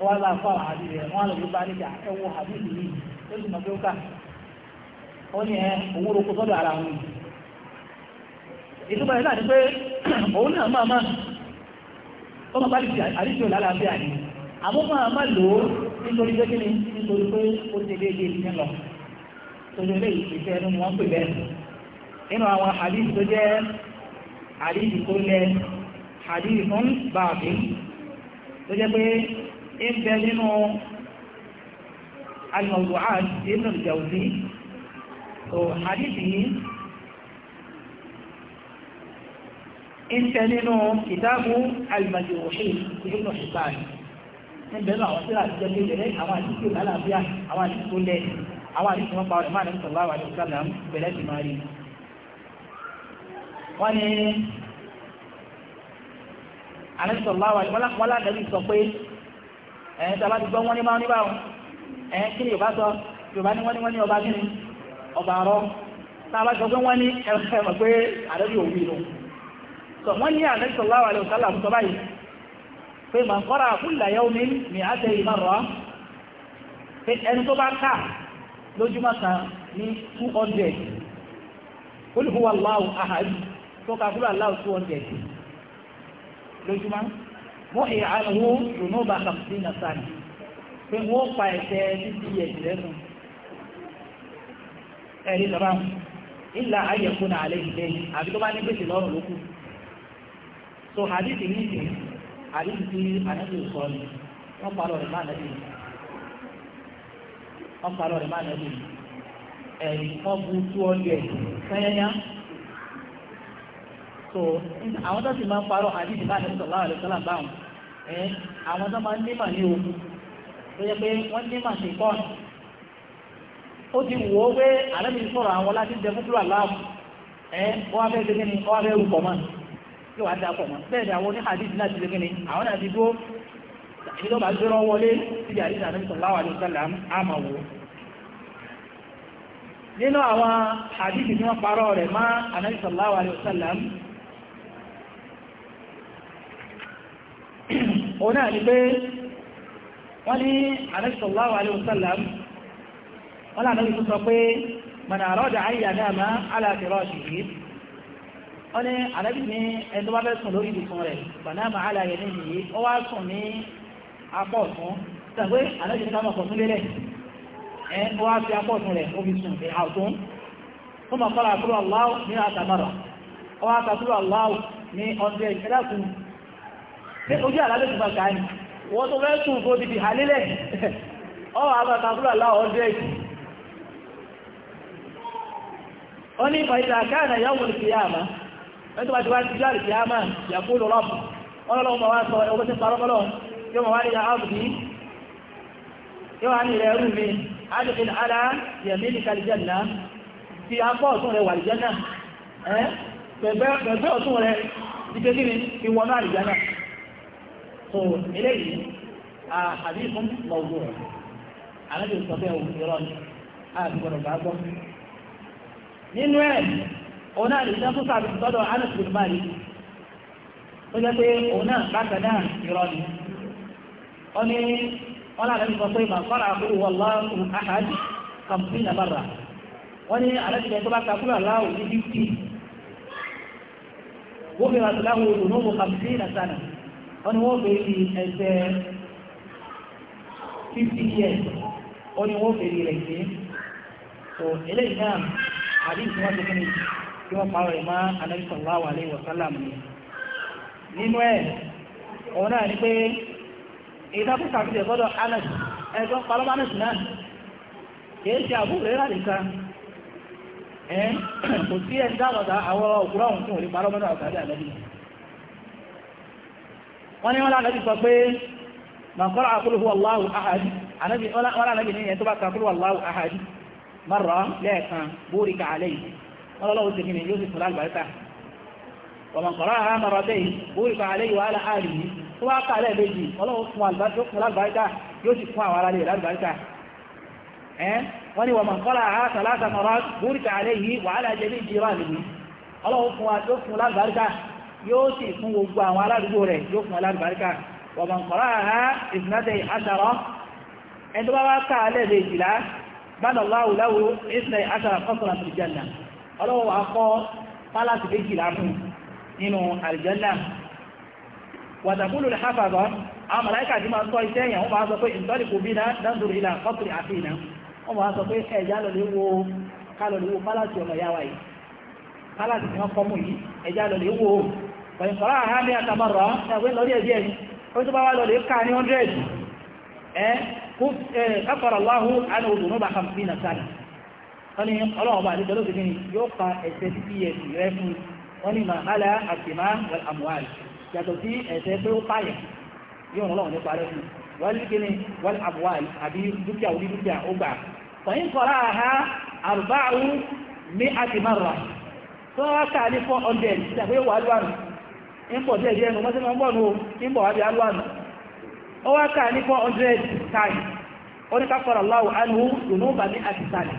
ó wá láàfà àdìrẹ̀ wọ́n lọ́lẹ́ bá níjà ẹwọ àdìrẹ̀ yìí ó sì mọ̀ pé ó kà ó ní ẹ òun roko sọ́dọ̀ ara wọn ìtumọ̀ ẹ̀ láti pé *clears throat* òun náà máa máa ó máa bá àdìrẹ̀ àlàáfíà ni àmọ́ máa máa lòó nítorí pé kíni nítorí pé ó ti déédéé ìṣẹ́ lọ torí ilé ìṣẹ́ ẹnu wọn pè bẹ́ẹ̀ nínú àwọn hadith tó jẹ́ hadith tó lẹ hadith fún báàbí tó jẹ́ pé ń bẹ nínú al-mawdu'at ibn al-Jawzi so yìí ń tẹ nínú kitabu al-majruhin ibn Hibban níbẹ̀ náà àwọn sílà àtijọ́ lé lẹ́lẹ́ àwọn àtijọ́ lálàáfíà àwọn àtijọ́ lẹ́ àwọn àtijọ́ wọn pa ọ̀rẹ́ máa nẹ́bí sọ̀rọ̀ àwọn àtijọ́ sálà bẹ̀rẹ̀ sí máa rí. wọ́n ní àlẹ́sọ̀rọ̀ àwọn àtijọ́ wọn lánàbí sọ pé ẹ̀yìn tí a bá ti gbọ́ wọ́n ní máa ń níbàwọ̀n ẹ̀yìn kí ni Yorùbá sọ Yorùbá ní wọ́n ní ọba kí ni ọba àrọ́ tá a bá sọ pé wọ́n ní ẹ̀rọ pé àdébí òwú ìlú sọ wọ́n pé man qara'a kulla yawmin mi'atay marra pé ẹni tó bá ká lójúmọ́ kan ní 200 qul huwa Allahu ahad tó ka kúrò Allahu 200 lójúmọ́ wọ́n èyí àánú lónà bá kàpùtì náà sáà pé wọ́n pa ẹ̀ṣẹ̀ títí ẹ̀jì lẹ́nu ẹ̀rí lọ́rọ̀ ìlà ayẹ̀kún àlẹ́ ìlẹ́yìn àbí tó bá ní gbèsè lọ́rùn lókù so hadith ní ìsìn àdíjì ànábì sọ ni wọ́n parọ́ rẹ̀ máa nàbì wọ́n parọ́ rẹ̀ máa nàbì bu tú so àwọn tó sì máa parọ́ àdíjì máa nàbì sọ̀rọ̀ àlẹ́ sọ́là báwọn ẹ̀ àwọn tó máa nímà ní ogun tó yẹ pé wọ́n nímà sí kọ́ ó ti wò ó pé ànábì sọ̀rọ̀ àwọn láti jẹ fún kúrò wọ́n á ṣe kí ni wọ́n á rúkọ̀ mọ́ni. yóò wá dápọ̀ mọ́ bẹ́ẹ̀ ni àwọn oníhadith náà ti lé kíni àwọn náà ti dúró ìlú bá gbé wọn wọlé síbi àdìsí ànábì sallallahu alaihi wasallam àmà wò nínú àwọn hadith tí wọ́n parọ́ rẹ̀ má ànábì sallallahu alaihi wasallam òun náà ni pé wọ́n ní ànábì sallallahu alaihi wasallam wọ́n lànà ìfúnṣọ pé man arada an yanama ala firashihi wọ́n ní ànábì ní ẹni tó bá fẹ́ sùn lórí ibùsùn rẹ̀ bànáàmà aláyẹ ní ìyí ó wá sùn ní apá ọ̀tún tàbí ànábì ní káàmà ọ̀tún lélẹ̀ ẹ ó wá fi apá ọ̀tún rẹ̀ ó fi sùn ìhà ọ̀tún ó mọ̀ kọ́ra àkúrò aláwọ̀ ní àtàmàrà ó wá kàkúrò ní ọ̀dẹ ẹni tó bá ti wá ti jáde kí á máa yàgò lọ rọ́ọ̀bù ọlọ́lọ́wọ́ máa wá sọ ẹgbẹ́ tí parọ́ mọ́lọ́ yóò máa wá ní yàrá òbí yóò wá ní ilẹ̀ ẹrú mi adìgbìn ara yẹ̀mí ní kàlìjẹ́nà fi apá so eléyìí àbí fún mọ̀gbọ́ rẹ̀ alábìsọ̀fẹ́ òkú ìrọ̀ ni àbí gbọ́dọ̀ gbàgbọ́ nínú ẹ̀ òun náà lè jẹ́ tó sàbí sọ́dọ̀ Anas bin Malik tó jẹ́ pé òun náà bákan náà irọ́ ni ó ní wọ́n náà lẹ́nu sọ pé mà kọ́ra àkúrú wallahu ahad kàmpí nà bàrà wọ́n ní alẹ́sìlẹ̀ tó bá kakúrú aláwò ní fífì wọ́n fi rà síláwò lónúwò kàmpí nà sànà wọ́n ní wọ́n fi fi ẹsẹ̀ fífì yẹ wọ́n ní wọ́n fi rẹ̀ sí so eléyìí náà àdéhùn wọn ti fi ní tí wọ́n parọ́ ìmá Ànábì sallallahu alaihi wasallam ni ni Anas Anas wọ́n ní tó bá kàkúlù lẹ́ẹ̀kan ọlọ́wọ́ ti kìnnì yóò sì fún àlùbáríkà ọmọ kọ̀rọ̀ àhá mọ̀rọ̀ bẹ́ẹ̀ bóyí fa alẹ́ ìwà àlà ààrì yìí tó wá kà lẹ́ẹ̀mejì ọlọ́wọ́ fún àlùbáríkà yóò sì fún àwọn ará rẹ̀ àlùbáríkà wọ́n ni wọ̀mọ̀ kọ́lá àhá sàlásà mọ̀rọ̀ bóyí fa alẹ́ yìí wà á jẹ́ bí ìjì rà nìyí ọlọ́wọ́ fún wa yóò fún àlùbáríkà yóò sì fún gbogbo àwọn aládùúgbò rẹ̀ yóò fún àlùbáríkà ọlọ́wọ́ wa kọ́ pálásì méjìlá fún nínú àlìjẹ́nà wàtàkùlù ní hafàbọ̀ àwọn màláìkà tí máa tọ́ iṣẹ́ èèyàn wọ́n máa sọ pé ìtọ́lìkù bí náà dándùrú ilà kọ́tùrì àfihàn wọ́n máa sọ pé ẹ̀já lọ́lẹ́wọ́ kálọ̀lẹ́wọ́ pálásì ọmọ yìí wọ́n ní ọlọ́run bá àdéjọ́ lóṣèlú ni yóò pa ẹ̀ṣẹ̀ pps rẹ fún wọ́n ní màhálà àtìmá àmúhàlì yàtọ̀ sí ẹ̀ṣẹ̀ pé ó pààyàn yóò rán ọlọ́run nípa rẹ fún wọ́n ní kíni wọ́n àmúhàlì àbí dúkìá orí dúkìá ó gbà fọyín kọ́ra àhá àrùbáàrú ní àtìmá rà tó wá kà ní four hundred ìtàgbé wà lóàrùn ń pọ̀ díẹ̀ díẹ̀ nù mọ́sí máa ń bọ̀ nù ń bọ̀ wá bí alóàrùn ó wá kà ní four hundred times ó ní ká fọ́ra láwù ánú dùnú bàmí àti sàlẹ̀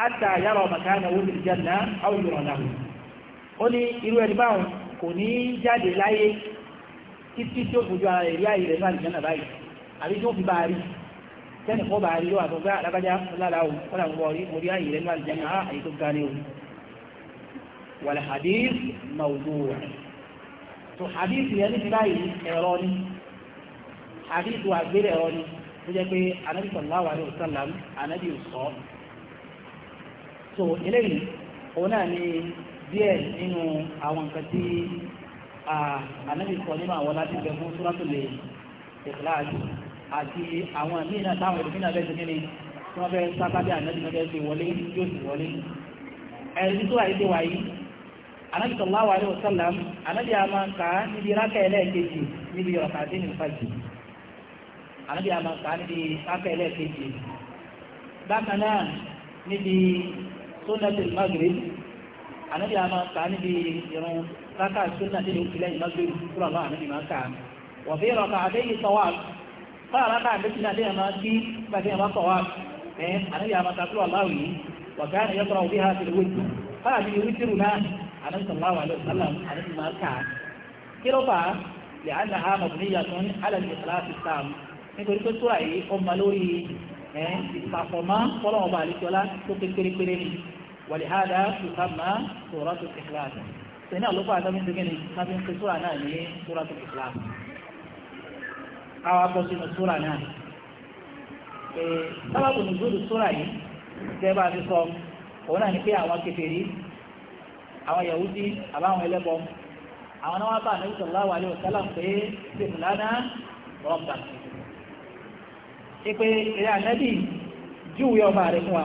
hatta yara makanahu fil janna aw yura lahu ó ní irú ẹni báwọn kò ní jáde láyé títí tí ó fojú ara rẹ̀ rí ààyè rẹ̀ náà nìyẹn báyìí àbí tí ó fi bá a rí tẹ́nì kọ́ bá a rí ló àtọ́ bá alábájá lára o kọ́lá ń wọrí mo rí ààyè rẹ̀ náà nìyẹn náà àyè tó ga ni o wal hadith mawdu' tó hadith yẹn ní ti báyìí ẹ̀rọ ni hadith wà gbé ẹ̀rọ ni ó jẹ́ pé anabi sallallahu alaihi wasallam anabi sọ so eléyìí òun náà ni díẹ̀ nínú àwọn nǹkan tí ànábì sọ nínú àwọn láti bẹ fún Suratul Ikhlas àti àwọn míì náà táwọn èdè náà bẹ́ẹ̀ ti kíni tí wọ́n fẹ́ sábàbí ànábì náà bẹ́ẹ̀ ti wọlé yóò sì wọlé ẹ̀rí tó àyè wà yìí ànábì sallallahu alaihi wasallam ànábì àmà kà á níbi rákẹ́ ẹlẹ́ẹ̀kejì níbi ọ̀kadì nìfàjì ànábì àmà kà á níbi rákẹ́ ẹlẹ́ẹ̀kejì bákan náà níbi sunnati al-maghrib anabi a máa kà níbi ìrun rákà sunnati al-ukilẹ̀ al-maghrib kúrò àwọn anabi máa kà wọ́n fi rọ̀kà àdéhìí sọ́wọ́ fáwọn rákà méjì náà déyàn máa kí gbàgbé àwọn sọ́wọ́ ẹ̀ anabi a máa kà kúrò aláwì wọ́n kà ní yẹ́kọ̀rọ̀ òbí ha ti lè wíjù fáwọn àti wíjìrù náà anabi sallallahu alaihi wasallam anabi máa kà kí ló fà á lè á ala al-ikhlas as-sam nítorí pé tóra yìí ọmọ lórí ìpàfọ̀mọ́ fọlọ́wọ́n àlejò ọlá tó pé pérépéré ni ولهذا تسمى سورة الإخلاص sẹ́ni àlọ́pàá àtàmì tó gẹ́ni káfí ń pè súra náà ní súra tó kìkìlá káwà bọ́ sínú súra náà sábàbù ní gbóòdù súra yìí gẹ́gbà ti sọ òun náà ni pé àwọn kèfèrí àwọn yahudi àbáwọn ẹlẹ́bọ àwọn náà wá bá ànábì sallallahu alaihi wasallam pé sèmùlánà rọ́bà pé eré ànábì júwèé ọba rẹ̀ fún wa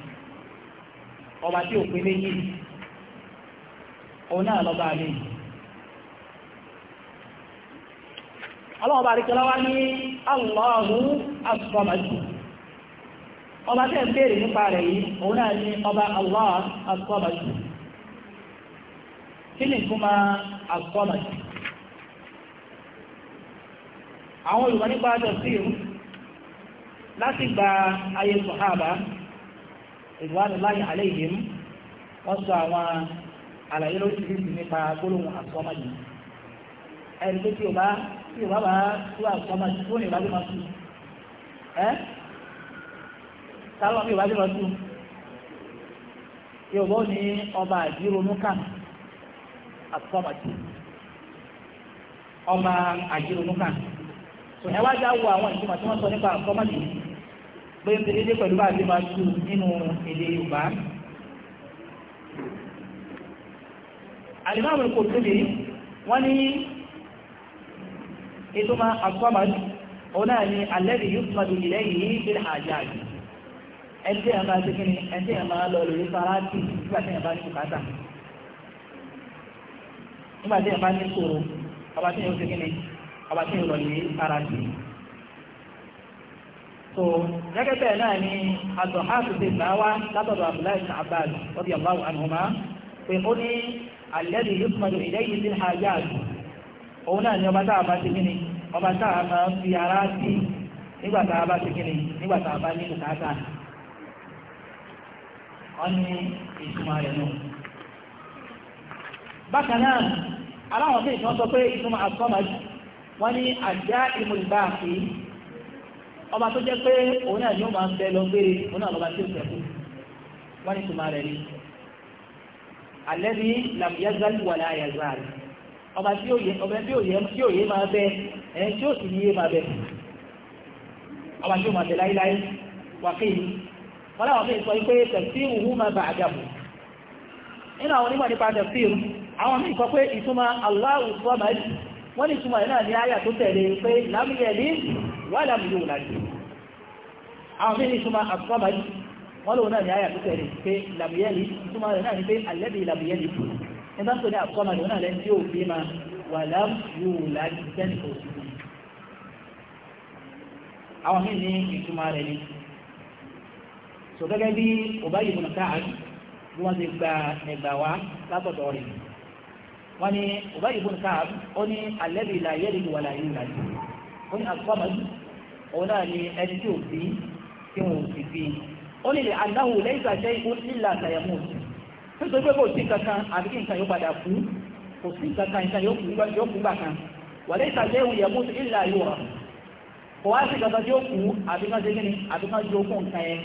ọba tí ò pé méjì òun náà lọ́ba mi ọlọ́wọ́ bá ríkẹ́ ní aláhùn asọ́màjì ọba tẹ́ ń bèèrè nípa rẹ̀ yìí òun náà ní ọba aláhùn asọ́màjì kí ni kúmọ̀ àwọn olùmọ̀ nípa tẹ̀síù láti gba ìdùnnú láyé alẹ́ yìí mú wọ́n sọ àwọn àlàyé lóríṣiríṣi nípa gbólóhùn àsọ́mọ́ yìí ẹni pé tí o bá tí o bá bá tú àsọ́mọ́ yìí tó ní ìbájú máa tú ẹ́ sálọ́ mi ìbájú máa tú yóò ní ọba àdìrónú kàn àsọ́mọ́ ọba àdìrónú kàn ẹ wá wo àwọn ìtumọ̀ tí wọ́n sọ nípa àsọ́mọ́ yìí pé ń tẹ́lẹ́dẹ́ pẹ̀lú bá ti máa tú nínú èdè Yorùbá alimami kò tóbi wọ́n ní ètò máa àkọ́mọ̀dé òun náà ni alẹ́bí yóò tún àdúgbò lẹ́yìn yìí bí àjáàjì ẹ̀ńtẹ́ ẹ̀ máa ṣe kí ni ẹ̀ńtẹ́ ẹ̀ máa lọ lórí faransé nígbà tí ẹ̀ bá ní bùkátà nígbà tí ẹ̀ bá ní sòrò ọba tí ẹ̀ ó ṣe kí ọba tí ẹ̀ lọ lórí faransé. so gẹ́gẹ́ bẹ́ẹ̀ náà ni azọ̀háàtù ti gbà wá látọ̀dọ̀ abdullahi ibn abbas radiyallahu anhuma pé ó ní alladhi yusmadu ilayhi bil hajat òun náà ni ọba tá bá ti kíni ọba tá máa fi ara sí nígbà a bá ti kíni nígbà tá bá ní bùkátà ní ìtumọ̀ rẹ̀ nù. bákan náà aláwọ̀ sọ pé ìtumọ̀ ọba tó jẹ́ pé òun náà ni ó máa ń bẹ lọ gbére òun náà lọ́ba tí ó sẹ́kù wọ́n ní tùmọ̀ rẹ̀ ni alẹ́bí lam yazal wala yazal ọba tí òye ọba tí òye tí òye máa bẹ ẹ̀ tí ó sì ní iye máa bẹ ọba tí ó máa bẹ láíláí wàkéyìí wọ́n láwọn fi sọ pé tẹ̀síwù hù máa bà àjàbù nínú àwọn onímọ̀ nípa tẹ̀síwù àwọn míì sọ pé ìtumọ̀ Allahu samad wọ́n ní túnmọ̀ náà ní àyà tó tẹ̀lé pé lámúyẹ̀lì wà lámúyẹ̀ òlàjì àwọn mí ní túnmọ̀ àtúnmọ̀bájì wọ́n lòun náà ní àyà tó tẹ̀lé pé lámúyẹ̀lì túnmọ̀ rẹ̀ náà ní pé àlẹ́bí lámúyẹ̀lì ní bá ń pè ní àtúnmọ̀lẹ̀ náà lẹ́ni tí ó bí ma wà wọ́n ní Ubay ibn Ka'b ó ní alladhi la yalid wa la yulad ó ní al-Samad òun náà ní ẹni tí ò bí tí wọn ò sì bí ó ní lè annahu laysa shay'un illa sayamut nítorí pé kò sí kankan àbí kí nǹkan yóò padà kú kò sí kankan nǹkan yóò kú gbà kan wa laysa shay'un yamut illa yura kò wá sí kankan tí ó kú àbí kan ṣe kí ni àbí kan jogún nǹkan yẹn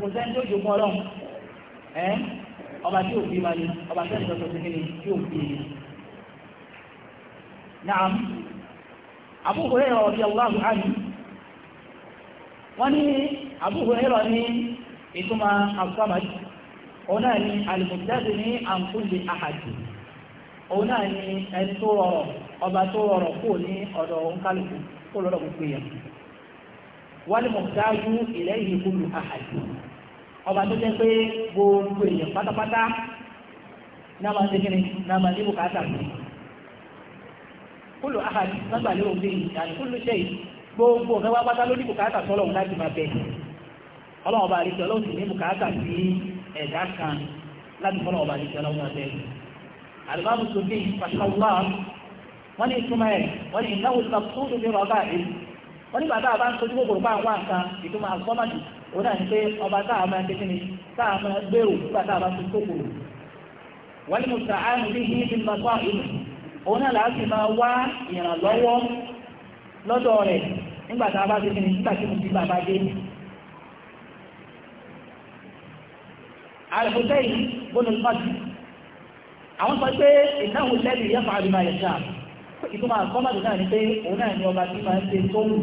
kò sẹ́ni ọba tí òbí ma ní ọba tí ẹ̀sìn ọ̀sọ̀ síkìní tí òbí ní. Naam, Abu Hurairah radiyallahu anhu. Wọ́n ní Abu Hurairah ní ìtumọ̀ Al-Samad, òun náà ní Al-Mujtadi ní an kulli Òun náà ní ẹni tó rọrọ̀, ọba tó rọrọ̀ kò ní ọ̀dọ̀ òǹkálùkù kó lọ́dọ̀ gbogbo èèyàn. Wal muhtaju ilayhi kullu ahad ọba tó jẹ́ pé gbogbo èèyàn pátápátá náà máa ń ṣe kíni náà máa ń níbò káàtà sí kúlù ahad nígbà lérò bí ìyàní kúlù ṣe gbogbo ọ̀gá wá pátá ló ní bùkátà sọ́lọ̀ láti máa bẹ̀ ọlọ́run ọba àríṣẹ́ ọlọ́run sì ní bùkátà sí ẹ̀dá kan láti fọ́lọ̀ ọba àríṣẹ́ ọlọ́run máa bẹ̀ àlùbáàmù sókè pàṣẹwàá wọ́n ní ìtumọ̀ ẹ̀ wọ́n ní ìnáwó ìgbà tó dùn ní rọ́bà yìí wọ́n ní bàbá àbá ń sojú gbogbo ó náà ní pé ọba táà máa ṣe kíni táà máa gbèrò nígbà táà bá ti kókòrò wọ́n ní mo ta àánú bí yí ti máa tó àìlú òun náà láti máa wá ìrànlọ́wọ́ lọ́dọ̀ rẹ̀ nígbà táà bá ṣe kíni nígbà tí mo ti bàbá dé àlùfẹ́yìn gbónú pàtì àwọn sọ pé ìnáwó lẹ́yìn yẹ́fà àdìmáyẹ̀ṣà ìtumọ̀ àkọ́mọ̀dù náà ni pé òun náà ni ọba tí máa ń ṣe tó wù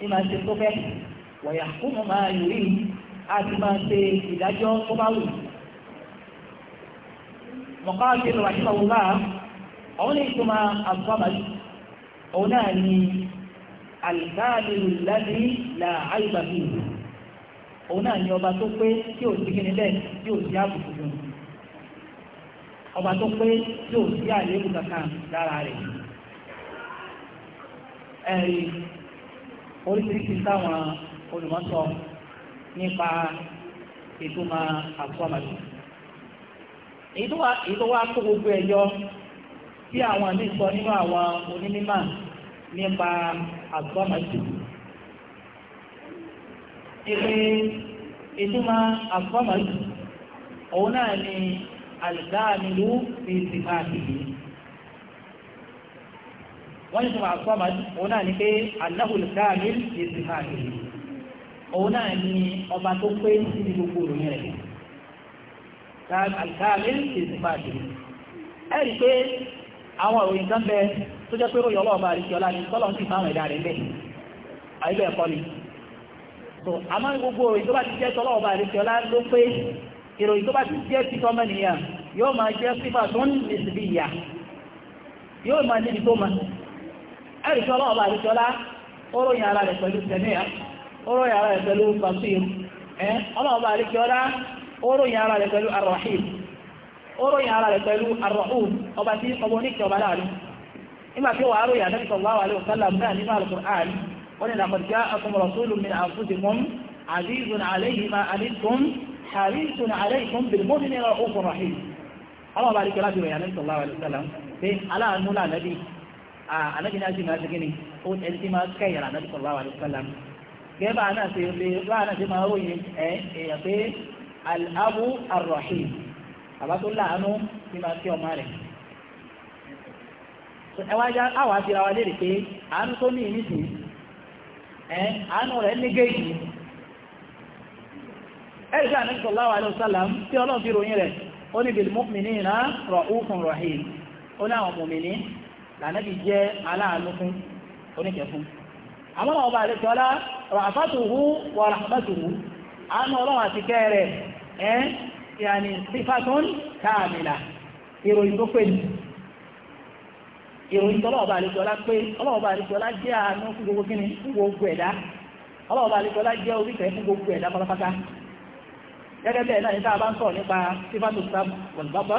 ní máa tó fẹ́ wọ̀yà kó mọ̀ máa a ti máa ṣe ìdájọ́ tó bá wù. mọ̀ká ṣe lọ́wọ́ àti ìfọwọ́ náà àwọn ní ìtumọ̀ àgbàbàjì òun náà ni àlùkáàlù láti là áyùbá fi náà ni ọba tó pé tí ò sí kíni bẹ́ẹ̀ tí ò sí àbùkù ọba tó pé tí oríṣiríṣi táwọn olùmọ́sọ nípa ìtumọ̀ àkọ́mọ̀lù. èyí tó wá kó gbogbo ẹ̀yọ tí àwọn àmì sọ nínú àwọn onímọ̀ nípa àkọ́mọ̀lù. ìpè ìtumọ̀ àkọ́mọ̀lù òun náà ni àlùdáàmìlú ní ìsìnká àtìlẹ́yìn wọ́n ní sọ́mà sọ́màd òun náà ni pé aláhùn káàmìl èsì máa ní òun náà ni ọba tó pé síbi gbogbo òròyìn rẹ̀ káàmìl èsì máa ní ẹ rí pé àwọn òròyìn kan bẹ tó jẹ́ pé ròyìn ọlọ́ọ̀bá àríkì ọlá ni tọ́lọ́ sì fáwọn ẹ̀dá rẹ̀ bẹ̀ àìbẹ̀ ẹ̀kọ́ ni so àmọ́ gbogbo òròyìn tó bá ti jẹ́ tọ́lọ́ọ̀bá àríkì ọlá ló pé ìròyìn tó bá ti jẹ́ ti tọ́mọ yóò máa jẹ́ sífà tó ń lè síbi ìyà yóò máa níbi tó máa ẹ̀rìṣọ́ ọlọ́ọ̀bá àríṣọ́lá oróyìn ara rẹ̀ pẹ̀lú tẹ̀míà oróyìn ara rẹ̀ pẹ̀lú basir ọlọ́ọ̀bá àríṣọ́lá oróyìn ara rẹ̀ pẹ̀lú arrahim oróyìn ara rẹ̀ pẹ̀lú arrahum ọba tí ọmọ oníkẹ̀ ọba láàrin nígbà tí ó wà aróyìn àdábì sallallahu alaihi wasallam náà nínú al-Qur'an ó ní laqad ja'akum rasulun min anfusikum azizun alayhi ma anittum harisun alaykum bil mu'minina ra'ufur rahim ọlọ́ọ̀bá àríṣọ́lá bí wọ̀nyí àdábì sallallahu Ah, ànábì náà sì máa ṣe kíni ó ẹni tí máa kẹ́yìn ànábì sallallahu alaihi wasallam gẹ́bà náà ṣe lè láà ṣe máa ròyìn ẹ̀ èèyàn pé al-abu ar-rahim bàbá tó láàánú ní máa fi ọmọ rẹ̀ ẹ wá já àwọn àfihàn wa léèrè pé àánú tó ní ìmísìn ẹ àánú rẹ̀ ní géèjì ẹ̀rí ànábì sallallahu alaihi wasallam tí ọlọ́run fi ròyìn rẹ̀ ó ní bil mu'minina ra'ufun rahim ó ní àwọn mùmìnì lànàbì jẹ́ aláàánú fún oníkẹ̀ fún àmọ́ ọba àlejọ́lá ràfàtùhù wà ràfàtùhù àánú ọlọ́run àti kẹ́rẹ̀ ẹ́ yàní sífàtún káàmìlà ìròyìn tó pè ní ìròyìn tó ọlọ́ọ̀bà pé ọlọ́ọ̀bà àlejọ́lá jẹ́ àánú fún gbogbo a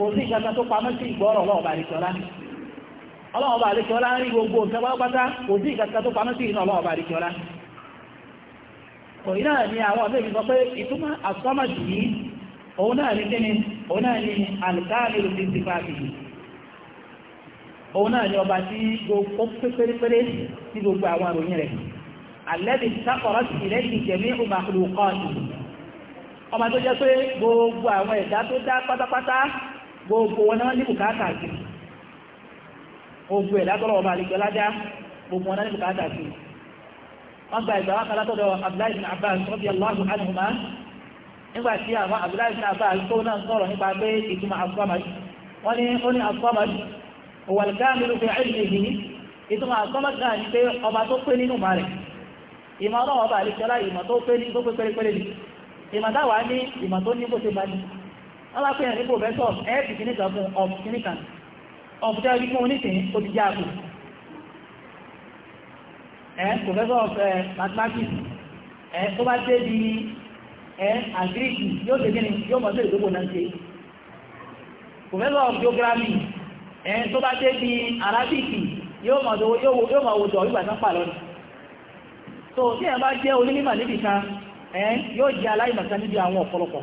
kò sí ìgbàgbà tó pamọ́ sí ìgbọ́rọ̀ ọlọ́ọ̀bà àríkọ́lá ọlọ́ọ̀bà àríkọ́lá ń gbogbo nǹkan kò sí ìgbàgbà tó pamọ́ sí iná ọlọ́ọ̀bà àríkọ́lá òyìn náà ni àwọn ọ̀bẹ́ sọ pé ìtumọ̀ àsọ́mọ̀jì ni ni ni ọmọ tó jẹ́ pé gbogbo àwọn ẹ̀dá tó dá pátápátá gbogbo wọn náà ní bùkátà sí gbogbo ẹ̀dá tọ́lọ̀ ọba àlejò ládá gbogbo wọn náà ní bùkátà sí wọ́n gba ìgbà wákàlá tọ́dọ̀ Abdullahi bin Abbas radiyallahu anhuma nígbà tí àwọn Abdullahi Abbas tó náà sọ̀rọ̀ nípa pé ìtumọ̀ asọ́mọ̀dì wọ́n ní ó ní asọ́mọ̀dì òwàlùkáàmìlú fi ìtumọ̀ asọ́mọ̀dì náà ní pé ọba tó pé nínú ìmọ̀ ọlọ́wọ́ ọba àlejò alápẹ̀yàn ní pòfẹ́sọ̀ ẹ́ẹ̀kì kìníkà fún ọmọ kìníkà ọ̀pùtẹ́ orí fún oníṣìn ó ti jáàkù ẹ́ pòfẹ́sọ̀ ọ̀fẹ́ eh, mathematics ẹ́ tó bá dé bí ẹ́ àgíríkì yóò ṣe gíní yóò mọ̀ sí ìdókò náà ṣe pòfẹ́sọ̀ geography ẹ́ tó bá dé bí arábíkì yóò mọ̀ òjò ìgbà tán pàlọ́ so tí ẹ bá jẹ́ onímọ̀ níbìkan ẹ́ yóò jẹ́ aláìmọ̀kan níbi àwọn ọ̀pọ̀lọpọ̀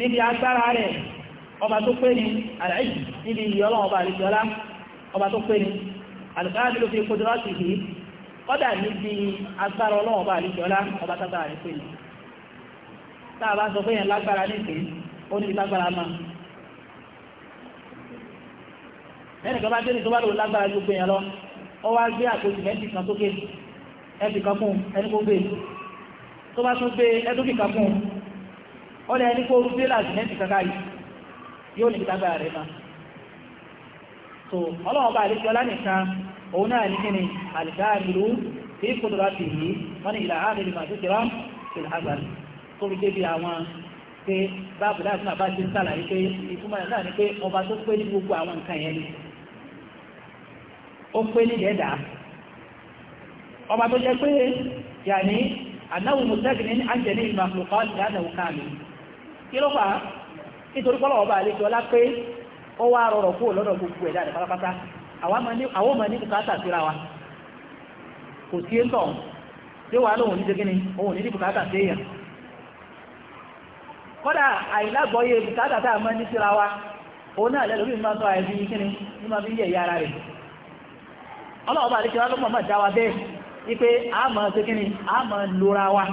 níbi agbára rẹ̀ ọba tó pé ní àlàyé níbi ìyẹ́ ọlọ́run ọba àlejọ́lá ọba tó pé ní àlùkáàdì ló fi kójú láti yìí kọ́dà níbi agbára ọlọ́run ọba àlejọ́lá ọba tábà rẹ̀ pé ní táà bá sọ pé yẹn lágbára nísìnyí ó ní lágbára máa ẹnìkan bá dé ní tó bá lò lágbára gbogbo yẹn lọ ọ wá gbé àkójù mẹ́tì kan tó gé ẹbì kan fún ẹni gbé tó bá tún gbé ẹdúkì kan fún ó lẹ́ ní kó orú dé làzìmẹ́ntì kankan yìí yóò ní ìtagbà rẹ̀ ma so ọlọ́wọ́n bá àlejò ọlá nìkan òun náà ní kíni àlìkáàmìlú tí kò dọ̀rọ̀ sí yìí wọ́n ní ìlà àmìlì màá tókè rán sí àgbàlì tó fi débi àwọn pé báàbù láti máa bá ti ń sàlàyé pé ìtumọ̀ ẹ̀ náà ni pé ọba tó kí ló nítorí pọ́lọ̀ ọba àlejò ọlá pé ó wá rọrọ̀ kúrò lọ́dọ̀ gbogbo pátápátá àwọn ọmọ ní wa kò ń tọ̀ lóhun ohun ní sí wa òun náà kíní ní fi ń ìyá ara rẹ̀ àlejò wa bẹ́ẹ̀ wípé a mọ̀ sí kíní wa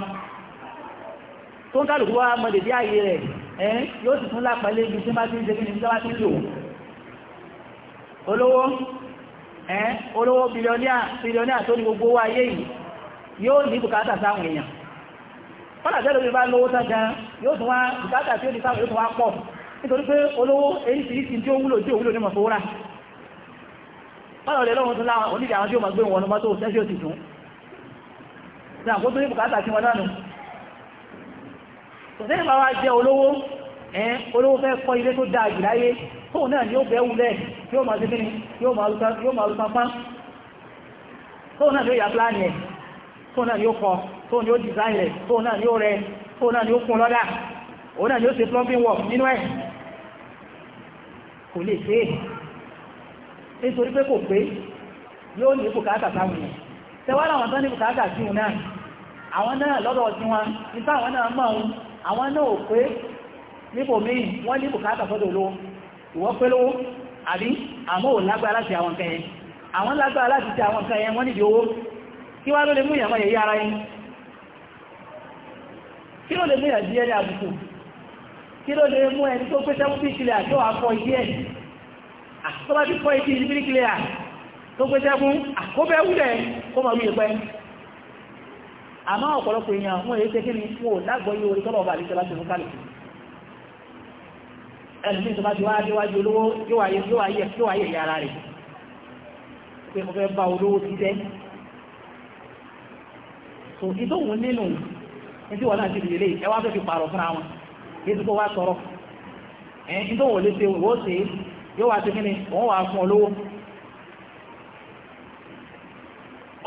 tó ń kálùkù wá mọ̀ dèbí ààyè rẹ̀ ẹ́n yóò sì tún lápàálé ibi tí bá ti ń jẹ́ kíni tó bá ti ń lò olówó ẹ́n olówó bílíọ̀nìà tó ní gbogbo owó ayé yìí yóò ní bùkátà sáwọn èèyàn kọ́nà tẹ́lẹ̀ omi bá lówó tán gan yóò tún wá bùkátà tí ó di sáwọn yóò tún wá pọ̀ nítorí pé olówó èyí sì ti tí ó wúlò tí ó wúlò ní mọ̀ fowó rà kọ́nà ọ̀lẹ́ lọ́wọ́ tún láwọn onídìí àwọn tí ó mọ̀ gbé wọn mọ́tò sẹ́sì òsì tún tòsẹ́yìn bá wá jẹ́ olówó ẹ̀ẹ́n olówó fẹ́ kọ́ ilé tó dáa jù láyé tó náà ni ó bẹ́ wulẹ̀ yóò máa ma ni yóò máa rúkan pán tó náà ni ó yà pláàni ẹ̀ tó náà ni ó kọ tó ni ó design rẹ̀ tó náà ni ó rẹ tó náà ni ó kún lọ́dá òun náà ni ó ṣe plumbing work nínú ẹ̀ kò lè ṣe é nítorí pé kò pé yóò ní tẹwàá làwọn tán ní sí náà àwọn náà lọ́dọ̀ nípa àwọn náà àwọn náà pé nípò míì wọ́n ní bùkátà sọ́dọ̀ olówó ìwọ́n pé lówó àbí àmọ́ ò lágbára láti àwọn nǹkan yẹn àwọn lágbára láti ti àwọn nǹkan yẹn wọ́n nídìí owó kí wá ló lè mú ìyàmọ́ yẹ̀yẹ́ ara yín kí ló lè mú ìyàjí ẹni àbùkù kí ló lè mú ẹni tó pé sẹ́wọ́n bí ìkìlẹ̀ àjọ àkọ́ ìdí ẹ̀ ah, tó bá ti kọ́ ìdí ìbíríkìlẹ̀ à tó pé sẹ́wọ́n àkóbẹ́wúlẹ̀ kó mọ̀ wí ìpẹ́ àmọ́ ọ̀pọ̀lọpọ̀ èèyàn wọ́n èyí tẹ́ kí ni wọ́n lágbọ́yé orí tọ́lọ̀ ọba àdíjọba ti fún kálùkù ẹlùmí tó bá ti wá déwájú olówó yóò wáyé ìyá ara rẹ̀ pé mo fẹ́ bá olówó ti jẹ́ so ìdóhun nínú ẹtí wọn náà ti dìde lé ẹwà fẹ́ fi pààrọ̀ fúnra wọn kí ẹtí kó wá sọ̀rọ̀ ẹ̀ ìdóhun ò lè ṣe òwò ṣe yóò wá ṣe kí ni òun wà fún olówó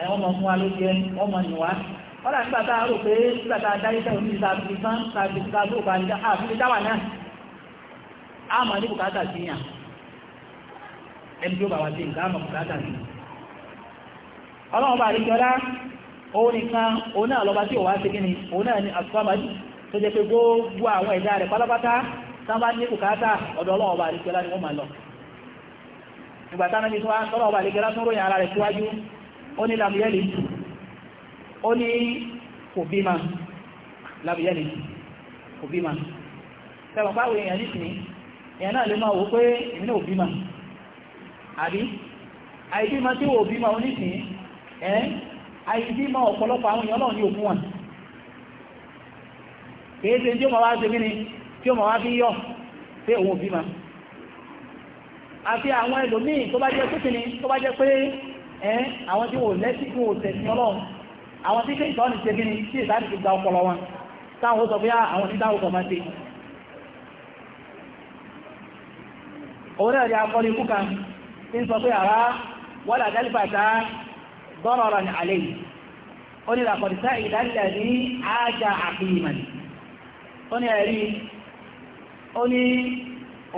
ẹ wọ́n mọ̀ fún wa ló jẹ wọ́n láti gbàtà pé gbàtà tàbí ní àfihàn dáwà náà a mọ̀ ní bùkátà sí yàn ẹni tí ó bà wá sí nǹkan mọ̀ sí ọlọ́run bá òun nìkan òun náà lọ́ba tí ò wá sí kí ni òun náà ni àtúwábájì tó jẹ́ pé gbogbo àwọn ẹ̀dá rẹ̀ pátápátá tán bá ní bùkátà ọ̀dọ̀ ọlọ́run bá ó ní lamuyẹ́lì ó ní kò bímọ lamuyẹ́lì kò bímọ sẹ́wọ̀n báwo èèyàn nísìnyí èèyàn náà lè máa wò pé èmi náà ò bímọ àbí àìbímọ tí ò bímọ onísìnyí ẹ́ àìbímọ ọ̀pọ̀lọpọ̀ àwọn èèyàn náà ní òkú wọn kìí ṣe tí ó ma wá ṣe gíní tí ó ma wá fi yọ pé òun òbí ma àti àwọn ẹlòmíì tó bá jẹ́ pé kìíní tó bá jẹ́ pé ẹ́ àwọn tí wọ́n lẹ́sí kí wọ́n tẹ̀sí ọlọ́run àwọn tí kéèkì ọ́nì ṣe bí ni tí ìsáàdì ti gba ọpọlọ wọn táwọn sọ pé ah, àwọn tí táwọn sọ máa ṣe òun náà rí akọni ikú kan tí ń sọ pé àrá wọ́n àdálìfà tá dọ́rọ̀ rẹ̀ àlẹ́ yìí ó ní làkọ̀dìsá ìdálẹ̀ ní ájá àfihàn ó ní ẹ̀rí ó ní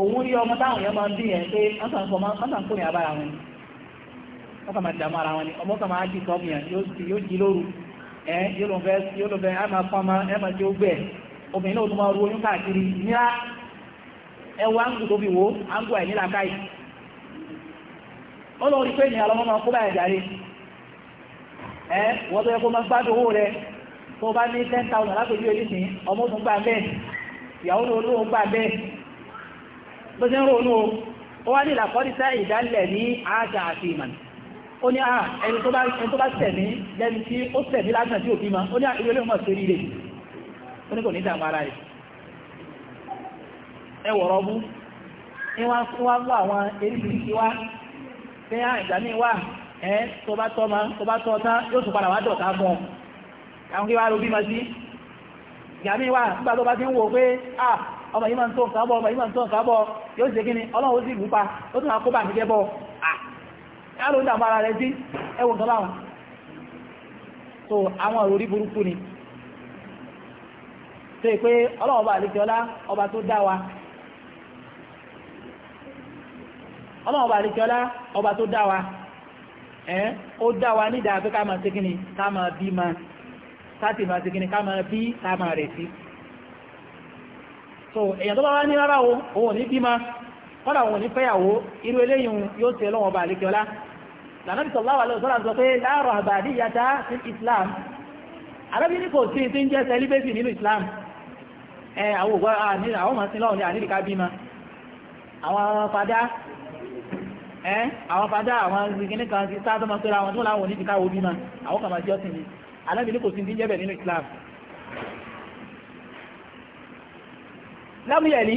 òun rí ọmọ táwọn yẹn máa wọ́n kà máa ara wọn ni ọmọ kà máa jí sọ́ọ̀bù yẹn yóò jí lóru ẹ yóò lọ fẹ́ yóò lọ fẹ́ ẹ máa fọ́n ma ẹ máa jẹ́ obìnrin náà tó máa ru oyún káàkiri níra ẹ ewu áńgù tó fi áńgù ẹ̀ nílà káì ó lọ rí pé ènìyàn lọ́mọ máa kó ẹ wọ́n tó yẹ kó máa gbádùn owó rẹ tó bá ní ten thousand lápèjú sìn ọmọ tó gbà bẹ́ẹ̀ ìyàwó ló ló gbà bẹ́ẹ̀ bó ń ronú o ó wá ní ó ní àà ah, ẹni tó bá sẹ̀mí lẹ́ni tí ó sẹ̀mí lásán tí ò bímọ ó ní ah, ìwé lóun sí rí rè ó ní kò ní dàmú ara rẹ̀ ẹ mú ní wọ́n fún wá pé ah, àwọn kí sí ìgbà ọmọ yìí ń tó nǹkan bọ̀ yóò ṣe kí ọlọ́run ó sì lù ó tún máa kó bà mí jẹ́ yàrá ń dàbára rẹ̀ sí ẹwùn kan láwọn so àwọn ọ̀rọ̀ orí burúkú ni tó yẹ pé ọlọ́ọ̀bá àlejòọlá ọba tó da wa ọlọ́ọ̀bá àlejòọlá ọba tó da wa ẹ́ ó dá wa ní ìdáa pé ká máa tẹ́kíní ká máa bí ma sáti máa tẹ́kíní ká máa bí ká máa rẹ̀ sí so èèyàn tó bá wá ní rárá o òun ní bí ma kọ́dà wọn ní fẹ́yàwó irú eléyìn yóò tẹ lọ́wọ́ bá àlékẹ́ọ́lá lànàbí sallallahu alaihi wasallam sọ pé la rahbaniyyata fil islam arábí ní kò sí ti ń jẹ́ celibacy nínú islam ẹ àwọn ògbọ́ àwọn ọmọ sí lọ́wọ́ ní àníríkà bímọ àwọn fadá ẹ àwọn fadá àwọn zikini kan sí sáà tó máa pẹ́ra àwọn tó láwọn onídìíká wo bímọ àwọn kan máa jọ́ sí ni arábí ní kò sí ti ń jẹ́bẹ̀ nínú islam lámúyẹ̀lì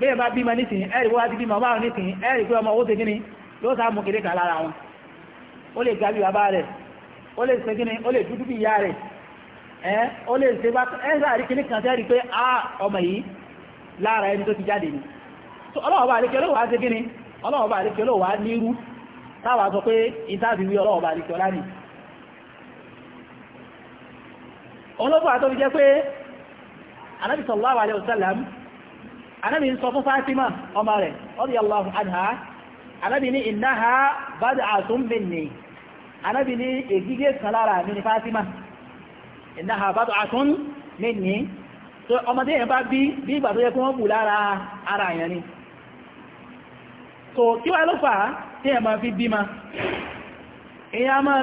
bẹ́ẹ̀ bá bímọ nísìn ẹ̀rì wọ́n ti bímọ márùn nísìn ẹ̀rì pé ọmọ ó ṣe gíní ló sá mú kéré kan lára wọn ó lè ga bí bàbá rẹ̀ ó lè ṣe gíní ó lè dúdú bí ìyá rẹ̀ ẹ̀ ó lè ṣe bá ẹ̀sà rí kíní kan lara pé á tó ti jáde ni so ọlọ́wọ́ bá àríkẹ́ olóòwà ṣe gíní ọlọ́wọ́ bá fi jẹ́ pé anábì ń sọ fún Fátímà ọmọ rẹ̀ radiyallahu anha anábì ní innaha bad'atun minni anábì ní ègígé kan lára mi ní Fátímà innaha bad'atun minni tó ọmọdé yẹn bá bí bí ìgbà tó yẹ ara yẹn ni tó kí wá ló fà tí máa fi bímá èyàn máa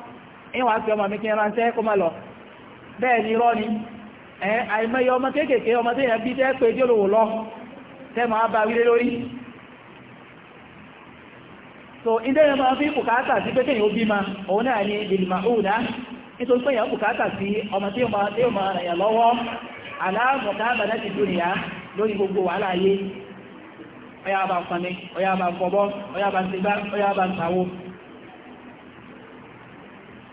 ìwọ̀n àti ọmọ mi kí ránṣẹ́ kó má lọ bẹ́ẹ̀ ni rọ́ ni àìmọye ọmọ kéékèèké ọmọ tí èèyàn bí tẹ́ pé jólòwò lọ tẹ́ máa bá wílé lórí so ilé yẹn máa fi bùkátà sí pé kéèyàn bí ma òun náà ni bìlìmà òòdá nítorí pé èèyàn bùkátà sí ọmọ tí ó bá ń fani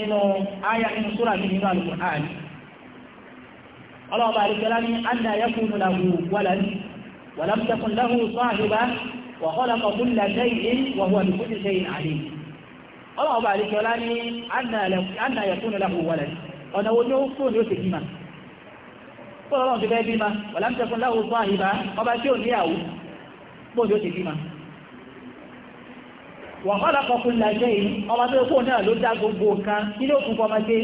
nínú ayá nínú súra ní nínú al-Qur'an ọlọ́ọ̀bá àríkẹ́lá ní anna yakunu lahu walad wa lam takun lahu sahiba wa khalaqa kulla shay'in wa huwa bi kulli shay'in alim ọlọ́ọ̀bá àríkẹ́lá ní anna yakunu lahu walad ọ̀nà wo وخلق كل شيء ọba tó kó náà ló dá gbogbo nǹkan kí ló kún fọmọ sí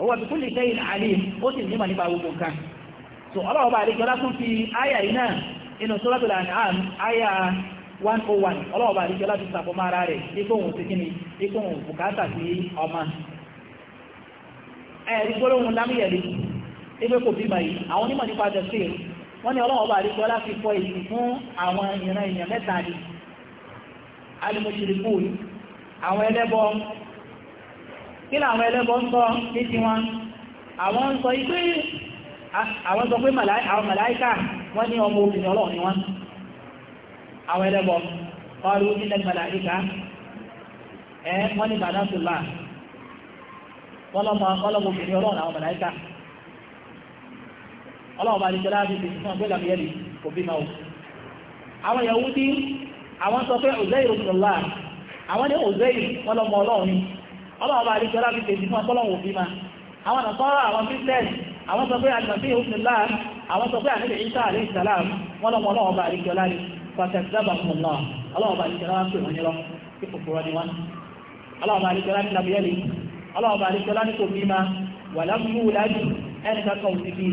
owó àbíkú lè ṣe àlìm ó sì nímọ̀ nípa gbogbo nǹkan so ọlọ́wọ́ bá àríkẹ́ látún fi àyà iná inú suratul an'am àyà 101 ọlọ́wọ́ bá àríkẹ́ láti sàfọ́mọ́ ara rẹ̀ ikóhun sí kíni ikóhun bùkátà sí ọmọ ẹ̀rí gbólóhun ebe kò bímọ yìí àwọn onímọ̀ nípa jẹ́ sí wọ́n ní ọlọ́wọ́ bá àríkẹ́ láti fọ ìsìn al-mushrikun àwọn ẹlẹ́bọ kí làwọn ẹlẹ́bọ ń sọ ní ti wọn àwọn ń sọ pé àwọn sọ pé àwọn màláíkà wọ́n ní ọmọ obìnrin ọlọ́run ni wọ́n àwọn ẹlẹ́bọ ọrùn ní bàdásùlá àwọn ma àwọn sọ pé òzẹ́ ìròyìnlá àwọn ní òzẹ́ ìwọ́lọ́mọ ọlọ́run ọlọ́run bá àríkẹ́ láti tèjì fún ọpọlọ́run òbí ma àwọn nàkọ́rọ̀ àwọn kírísítẹ́ẹ̀sì àwọn sọ pé àjọ̀fẹ́ ìròyìnlá àwọn sọ pé ànílẹ̀ ìṣà àlẹ́ ìsàlám wọ́lọ́mọ ọlọ́run bá àríkẹ́ láti pàtàkìlábà fún ọlọ́run ọlọ́run bá àríkẹ́ láti pè wọ́n yẹlọ kí kòkòrò ni wọ́n ọlọ́run bá àríkẹ́ láti labiyẹ́lì ọlọ́run bá àríkẹ́ láti kò bí ma wà lábúrú láti ẹnì kankan òsì bíi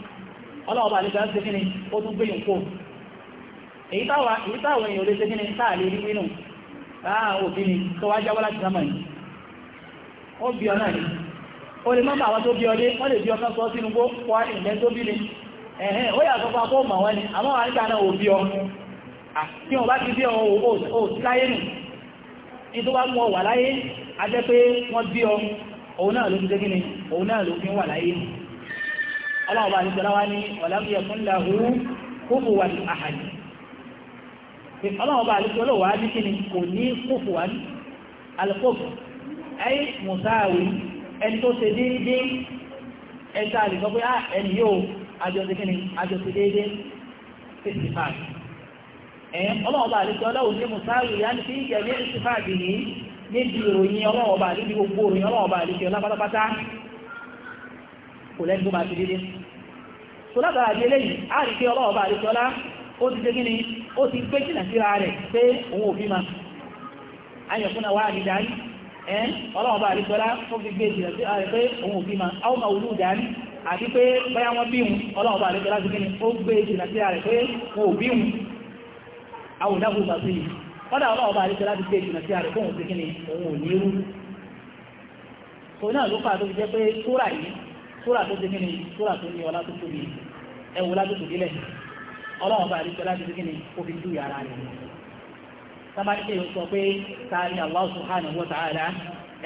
ọlọ́ọ̀bà àlejò á kí ni ó tún gbé yìnkó èyí táwọn èèyàn lè ṣe kí ni táàlè rí nínú láàrín òbí ni tó wá jáwọ́ láti sámà yìí ó bí ọ náà ni ó lè mọ́mọ́ àwọn tó bí ọdé wọ́n lè bí ọkàn sọ sínú gbó pọ́ ìlẹ́ tó bí ni ẹ̀hẹ́ ó yà sọpá kó mọ̀ wọ́n ni àmọ́ wà nígbà náà ò bí ọ tí wọ́n bá ti bí ọ ò sí láyé nù ní tó bá mú ọ wà láyé a jẹ́ pé wọ́n bí ọ òun náà ló ti dé kí ni òun náà ló fi wà láyé nù ọlọ́ọ̀bá àdìsọ́láwá ní ọ̀làbíyẹ fúnláhù kúfù wà ní àhàdì ọlọ́ọ̀bá àdìsọ́láwá ní kí ni kò ní kúfù wà ní alkófù ẹ́yí mùsáàwì ẹni tó ṣe déédé ẹta àdìsọ́ pé á ah, ẹni yóò àjọṣe kí ni àjọṣe déédé 55 ẹ̀yẹn ọlọ́ọ̀bá àdìsọ́láwá ní mùsáàwì kò lẹ́nu tó ti dédé tó lábàá àbí eléyìí a rí pé ọlọ́wọ́ bá ó ti dé gíní ti gbé jìnà síra rẹ̀ pé òun ò ma ayọ̀kúnna wá ní darí ẹ́ ọlọ́wọ́ bá àríkẹ́ ọlá ó ti gbé jìnà síra rẹ̀ pé òun ma a ó ma olú darí àti pé báyá wọn bí wọn ọlọ́wọ́ bá àríkẹ́ ọlá ti gíní ó gbé jìnà síra rẹ̀ pé ò bí bá sí yìí kọ́dà ọlọ́wọ́ bá ti gbé súrà tó ti kí ni súrà tó ní ọlá tó tóbi ẹwù lájú tó bá ti kí ni ó fi dúyà ara rẹ̀ sábà ní kéèyàn sọ pé ta ni Allah subhanahu wa ta'ala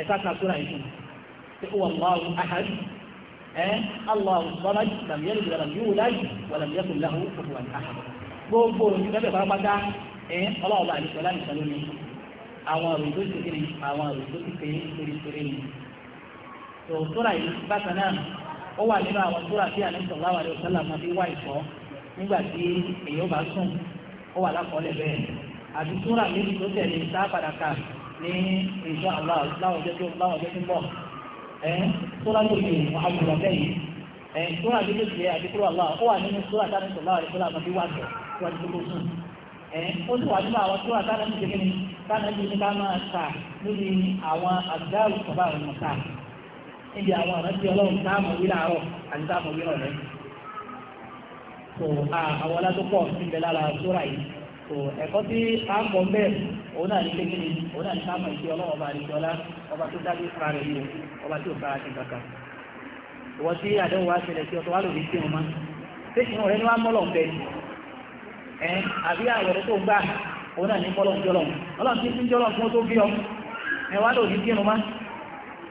ẹ̀sá kan súrà yìí tí wà Allahu ahad ẹ́ Allahu samad lam yalid wa lam yulad wa lam yakun gbogbo bá àwọn ó wà nínú àwọn sóra tí àlẹ́ sọ̀rọ̀ láwàlẹ́ òṣèlú àmọ́ fi wá ìfọ́ nígbà tí èèyàn bá sùn ó wà lákọọ́lẹ̀ bẹ́ẹ̀ àti sóra méjì tó tẹ̀lé tá a padà kà ní ìṣọ́ àwọn láwọ̀jẹ́ tó láwọ̀jẹ́ tó ń bọ̀ ẹ̀ sóra tó lè wọ́n àwùjọ bẹ́ẹ̀ yìí ẹ̀ sóra tó lè tiẹ̀ àti kúrò àlọ́ ó wà nínú sóra tá a ní sọ̀rọ̀ láwàlẹ́ òṣèlú àmọ́ fi wá ìfọ́ síwájú tó lóṣù ó sì wà nínú àwọn tó wà tánà ní jẹ́gẹ́ni tánà ní ká máa ta lórí àwọn àgbáàrù sọ̀bá àwọn ọ̀tá níbi àwọn àrántí ọlọ́run táàmù wí láàárọ̀ àti táàmù wí rọ̀lẹ́ so àwọn ọlá tó pọ̀ níbẹ̀ lára sóra yìí so ẹ̀kọ́ tí a ń bọ̀ bẹ́ẹ̀ òun náà ní kékeré òun náà ní táàmù ìṣe ọlọ́run ọba àti ọlá ọba tó dájú fara rẹ̀ yìí ọba tí ò fara ti kankan ìwọ tí àdéhùn wa ṣẹlẹ̀ sí ọtọ wa lòdì sí ọmọ tẹsán rẹ ni wàá mọ́ lọ́n bẹ́ẹ̀ ẹ àbí àwẹ̀ tó gbà òun náà ní mọ́ lọ́n jọlọ́n ọlọ́run ti fi jọlọ́n fún ó tó bí ọ ẹ wàá lòdì sí ọmọ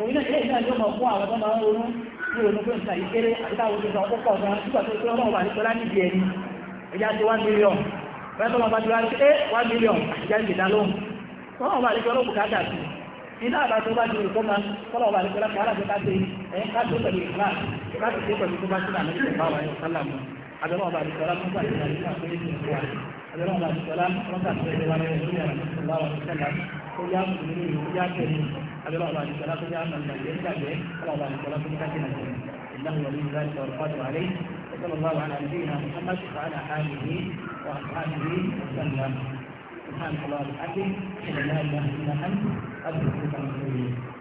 òun náà ilé ìdájọ́ mọ̀ fún àwọn tó máa ń abẹ́rẹ́ ọba àdìsọ́lá tó jẹ́ àmàlà ìgbàgbẹ́ ọba àdìsọ́lá tó jẹ́ kájínà الله على نبينا محمد وعلى اله واصحابه وسلم سبحانك اللهم وبحمدك اشهد ان لا اله الا انت استغفرك واتوب اليك